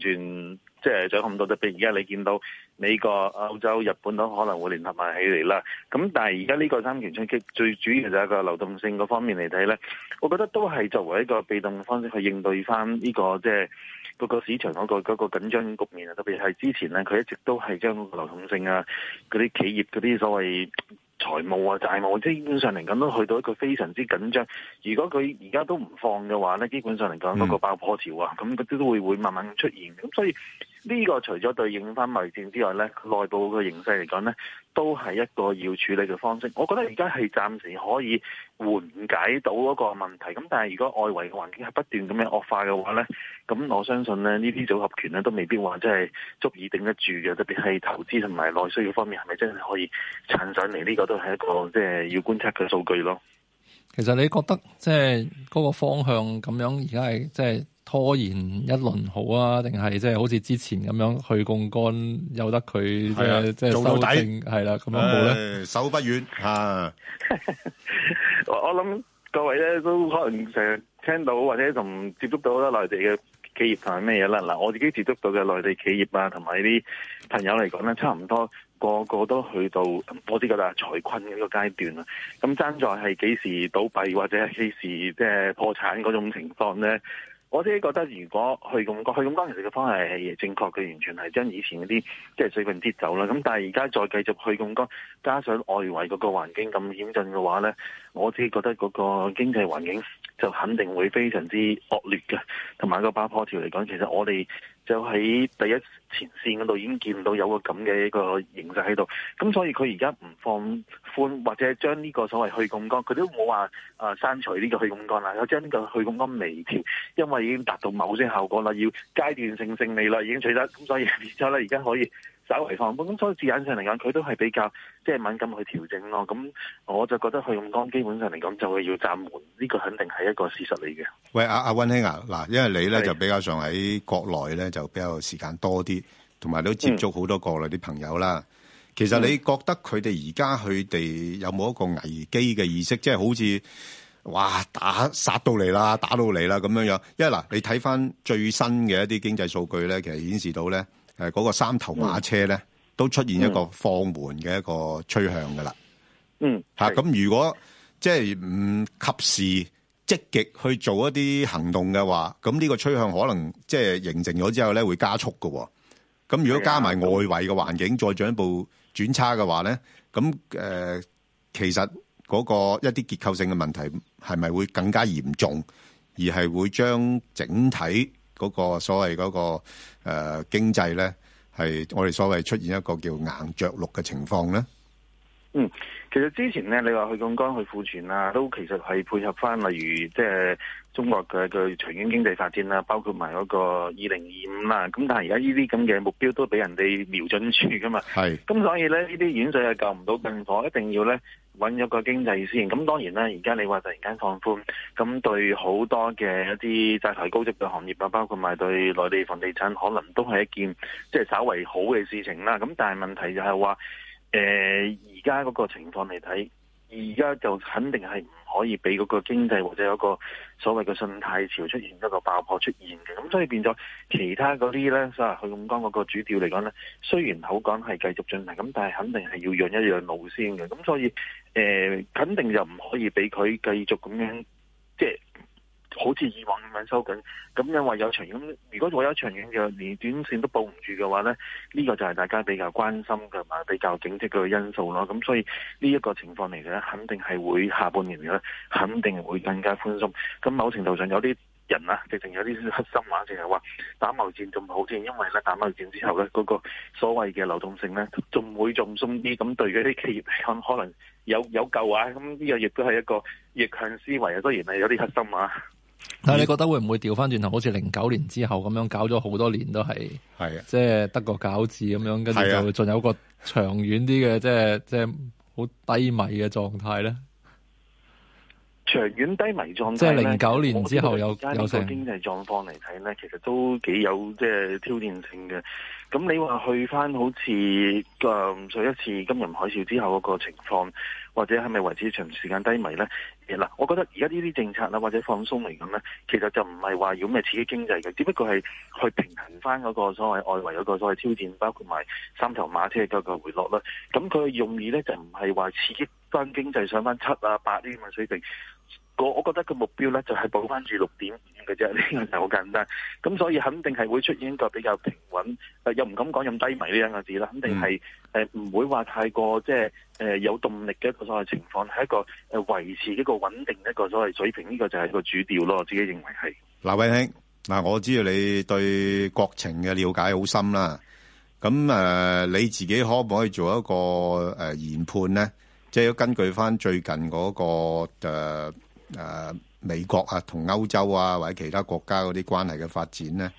即係掌控到得。即譬如而家你見到美國、歐洲、日本都可能會聯合埋起嚟啦。咁但係而家呢個三權出擊，最主要就係個流動性嗰方面嚟睇咧，我覺得都係作為一個被動嘅方式去應對翻、這、呢個即係。就是嗰個市場嗰個嗰個緊張局面啊，特別係之前咧，佢一直都係將流動性啊、嗰啲企業嗰啲所謂財務啊、債務，即係基本上嚟講都去到一個非常之緊張。如果佢而家都唔放嘅話咧，基本上嚟講嗰個爆破潮啊，咁嗰啲都會會慢慢出現。咁所以。呢個除咗對應返貿易戰之外咧，內部嘅形勢嚟講呢都係一個要處理嘅方式。我覺得而家係暫時可以緩解到一個問題，咁但係如果外圍嘅環境係不斷咁樣惡化嘅話呢咁我相信咧呢啲組合拳咧都未必話真係足以頂得住嘅，特別係投資同埋內需嗰方面係咪真係可以撐上嚟？呢、這個都係一個即係要觀察嘅數據咯。其實你覺得即係嗰個方向咁樣而家係即係？現在是就是拖延一輪好啊？定係即係好似之前咁樣去槓桿有得佢即係即係做到底啦咁、啊、樣咧，呃、手不遠啊！ 我諗各位咧都可能成日聽到或者同接觸到好多內地嘅企業同咩嘢啦。嗱，我自己接觸到嘅內地企業啊，同埋啲朋友嚟講咧，差唔多個個都去到我啲覺得財困嘅呢個階段啦。咁爭在係幾時倒閉或者係幾時即係破產嗰種情況咧？我自己覺得，如果去槓桿，去槓桿其實嘅方案係正確嘅，完全係將以前嗰啲即係水分跌走啦。咁但係而家再繼續去槓桿，加上外圍嗰個環境咁險峻嘅話咧。我自己覺得嗰個經濟環境就肯定會非常之惡劣嘅，同埋個八號條嚟講，其實我哋就喺第一前線嗰度已經見到有個咁嘅一個形勢喺度，咁所以佢而家唔放寬或者將呢個所謂去槓桿，佢都冇話誒刪除呢個去槓桿啦，有將呢個去槓桿微調，因為已經達到某些效果啦，要階段性勝利啦，已經取得，咁所以然之後咧，而家可以。稍為放寬，咁所以字眼上嚟講，佢都係比較即係敏感去調整咯。咁我就覺得佢咁講，基本上嚟講就會要暫緩，呢、這個肯定係一個事實嚟嘅。喂，阿阿温啊，嗱、啊，因為你咧是就比較上喺國內咧，就比較時間多啲，同埋都接觸好多國內啲朋友啦。嗯、其實你覺得佢哋而家佢哋有冇一個危機嘅意識？即係、嗯、好似哇打殺到嚟啦，打到嚟啦咁樣樣。因為嗱，你睇翻最新嘅一啲經濟數據咧，其實顯示到咧。誒嗰個三頭馬車咧，嗯、都出現一個放緩嘅一個趨向㗎啦。嗯，咁、啊、如果即係唔及時積極去做一啲行動嘅話，咁呢個趨向可能即係形成咗之後咧，會加速嘅、哦。咁如果加埋外圍嘅環境、嗯、再進一步轉差嘅話咧，咁誒、呃、其實嗰個一啲結構性嘅問題係咪會更加嚴重，而係會將整體，嗰個所謂嗰、那個誒、呃、經濟咧，係我哋所謂出現一個叫硬着陸嘅情況咧。嗯，其實之前咧，你話去槓桿、去庫存啊，都其實係配合翻，例如即係、就是、中國嘅嘅長遠經濟發展啦、啊，包括埋嗰個二零二五啊。咁但係而家呢啲咁嘅目標都俾人哋瞄準住噶嘛。係是。咁所以咧，呢啲軟水係救唔到近火，一定要咧。揾一個經濟先，咁當然啦，而家你話突然間放寬，咁對好多嘅一啲債台高築嘅行業啊，包括埋對內地房地產，可能都係一件即係、就是、稍為好嘅事情啦。咁但係問題就係話，誒而家嗰個情況嚟睇，而家就肯定係。可以俾嗰個經濟或者有一個所謂嘅信貸潮出現一個爆破出現嘅。咁所以變咗其他嗰啲咧，即係去槓桿嗰個主調嚟講咧，雖然口講係繼續進行，咁但係肯定係要讓一讓路先嘅。咁所以誒、呃，肯定就唔可以俾佢繼續咁樣跌。即好似以往咁樣收緊，咁因為有長遠，如果我有長遠嘅連短線都保唔住嘅話呢呢、呢個就係大家比較關心嘅嘛，比較警惕嘅因素咯。咁所以呢一個情況嚟嘅肯定係會下半年嘅，肯定會更加寬鬆。咁某程度上有啲人啊，直情有啲黑心話、啊，淨係話打貿戰仲好似因為咧打貿戰之後呢，嗰、嗰個所謂嘅流動性呢，仲會仲鬆啲，咁對嗰啲企業嚟講，可能有有救啊。咁呢個亦都係一個逆向思維啊，當然係有啲黑心話啊。嗯、但係你覺得會唔會調翻轉頭，好似零九年之後咁樣搞咗好多年都係，係啊的的，即係得個餃子咁樣，跟住就仲有個長遠啲嘅，即係即係好低迷嘅狀態咧。 長遠低迷狀態咧，即係零九年之後有，我睇呢個經濟狀況嚟睇咧，其實都幾有即係挑戰性嘅。咁你話去翻好似，上一次金融海嘯之後嗰個情況。或者係咪維持長時間低迷呢？嗱，我覺得而家呢啲政策啦，或者放鬆嚟咁呢，其實就唔係話要咩刺激經濟嘅，只不過係去平衡翻嗰個所謂外圍嗰個所謂挑戰，包括埋三頭馬車嘅一個回落啦。咁佢嘅用意呢，就唔係話刺激翻經濟上翻七啊八啲咁嘅水平。我我覺得個目標咧就係保翻住六點五嘅啫，呢個就好簡單。咁所以肯定係會出現一個比較平穩，又唔敢講咁低迷呢啲字啦。肯定係誒唔會話太過即係誒有動力嘅一個所謂情況，係一個誒維持一個穩定一個所謂水平。呢個就係個主調咯，我自己認為係。嗱，偉興，嗱，我知道你對國情嘅瞭解好深啦。咁誒，你自己可唔可以做一個誒研判咧？即係根據翻最近嗰個誒。誒、呃，美國啊，同歐洲啊，或者其他國家嗰啲關係嘅發展咧，誒、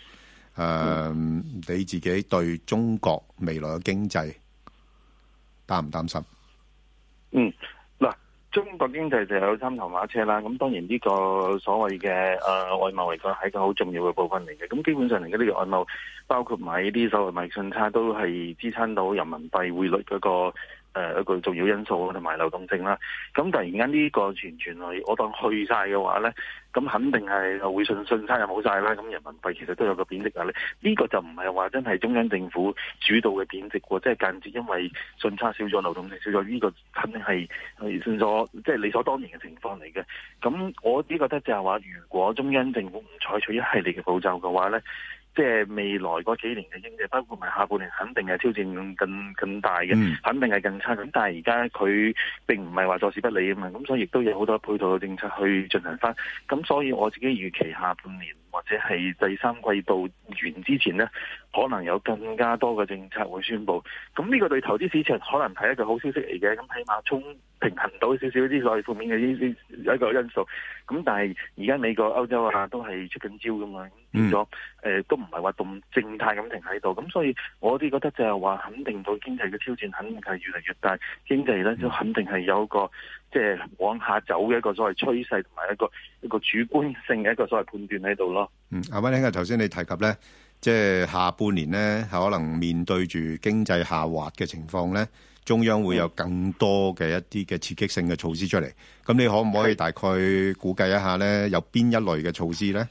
呃，嗯、你自己對中國未來嘅經濟擔唔擔心？嗯，嗱，中國經濟就有三頭馬車啦。咁當然呢個所謂嘅誒外貿嚟講，係一個好重要嘅部分嚟嘅。咁基本上嚟講，呢個外貿包括買啲所謂貿易順差，都係支撐到人民幣匯率嗰、那個。誒一個重要因素，同埋流動性啦。咁突然間呢個傳傳去，我當去晒嘅話呢，咁肯定係會信信差又冇晒啦。咁人民幣其實都有個貶值壓力，呢、這個就唔係話真係中央政府主導嘅貶值喎，即、就、係、是、間接因為信差少咗，流動性少咗，呢、這個肯定係係所即係理所當然嘅情況嚟嘅。咁我呢個得就係話，如果中央政府唔採取一系列嘅步驟嘅話呢。即係未來嗰幾年嘅經濟，包括埋下半年，肯定係挑戰更更大嘅，肯定係更差。咁但係而家佢並唔係話坐視不理啊嘛，咁所以亦都有好多配套嘅政策去進行返。咁所以我自己預期下半年。或者係第三季度完之前呢，可能有更加多嘅政策會宣布。咁呢個對投資市場可能係一個好消息嚟嘅。咁起碼沖平衡到少少啲所謂負面嘅呢啲一個因素。咁但係而家美國、歐洲啊都係出緊招噶嘛，變咗、嗯呃、都唔係話咁靜態咁停喺度。咁所以我哋覺得就係話，肯定到經濟嘅挑戰肯定係越嚟越大，經濟咧都肯定係有個。即係往下走嘅一個所謂趨勢，同埋一個一個主觀性嘅一個所謂判斷喺度咯。嗯，阿溫兄啊，頭先你提及咧，即係下半年咧，可能面對住經濟下滑嘅情況咧，中央會有更多嘅一啲嘅刺激性嘅措施出嚟。咁你可唔可以大概估計一下咧，有邊一類嘅措施咧？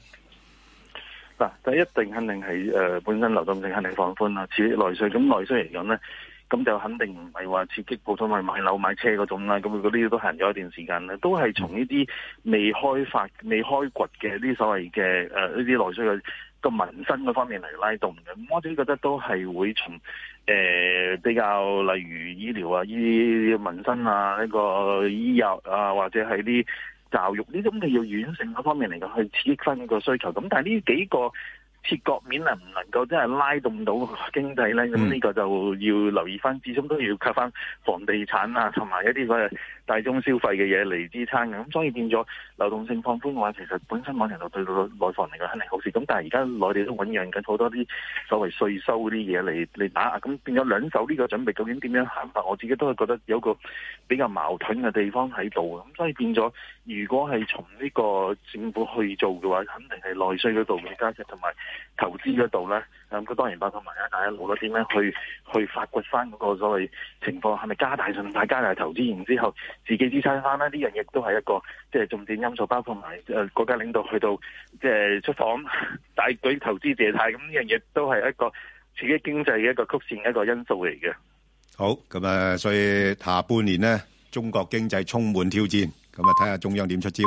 嗱、啊，但一定肯定係誒、呃，本身流動性肯定放寬啦，似內稅咁內需嚟講咧。咁就肯定唔係話刺激普通去買樓買車嗰種啦，咁佢嗰啲都行咗一段時間啦，都係從呢啲未開發、未開掘嘅呢所謂嘅誒呢啲內需嘅個民生嗰方面嚟拉動嘅。咁我自己覺得都係會從誒、呃、比較例如醫療啊、醫民生啊、呢、呢個醫藥啊，或者係啲教育呢啲咁嘅要軟性嗰方面嚟去刺激新個需求。咁但係呢幾個。切角面，能唔能夠真係拉動到經濟咧？咁呢、嗯、個就要留意翻，始終都要靠翻房地產啊，同埋一啲嘅、那個。大眾消費嘅嘢嚟支撐嘅，咁所以變咗流動性放寬嘅話，其實本身某程度對內內房嚟講肯定好事。咁但係而家內地都醞釀緊好多啲所謂稅收啲嘢嚟嚟打壓，咁變咗兩手呢個準備究竟點樣行法？我自己都係覺得有個比較矛盾嘅地方喺度。咁所以變咗，如果係從呢個政府去做嘅話，肯定係內需嗰度嘅加劇，同埋投資嗰度咧。咁佢當然包括問下大家，攞得點樣去去發掘翻嗰個所謂情況，係咪加大信貸、加大投資，然之後？自己支撐翻啦。呢樣嘢都係一個即係重點因素，包括埋誒國家領導去到即係出訪，大舉投資借貸，咁呢樣嘢都係一個自己經濟嘅一個曲線嘅一個因素嚟嘅。好，咁啊，所以下半年呢，中國經濟充滿挑戰，咁啊，睇下中央點出招。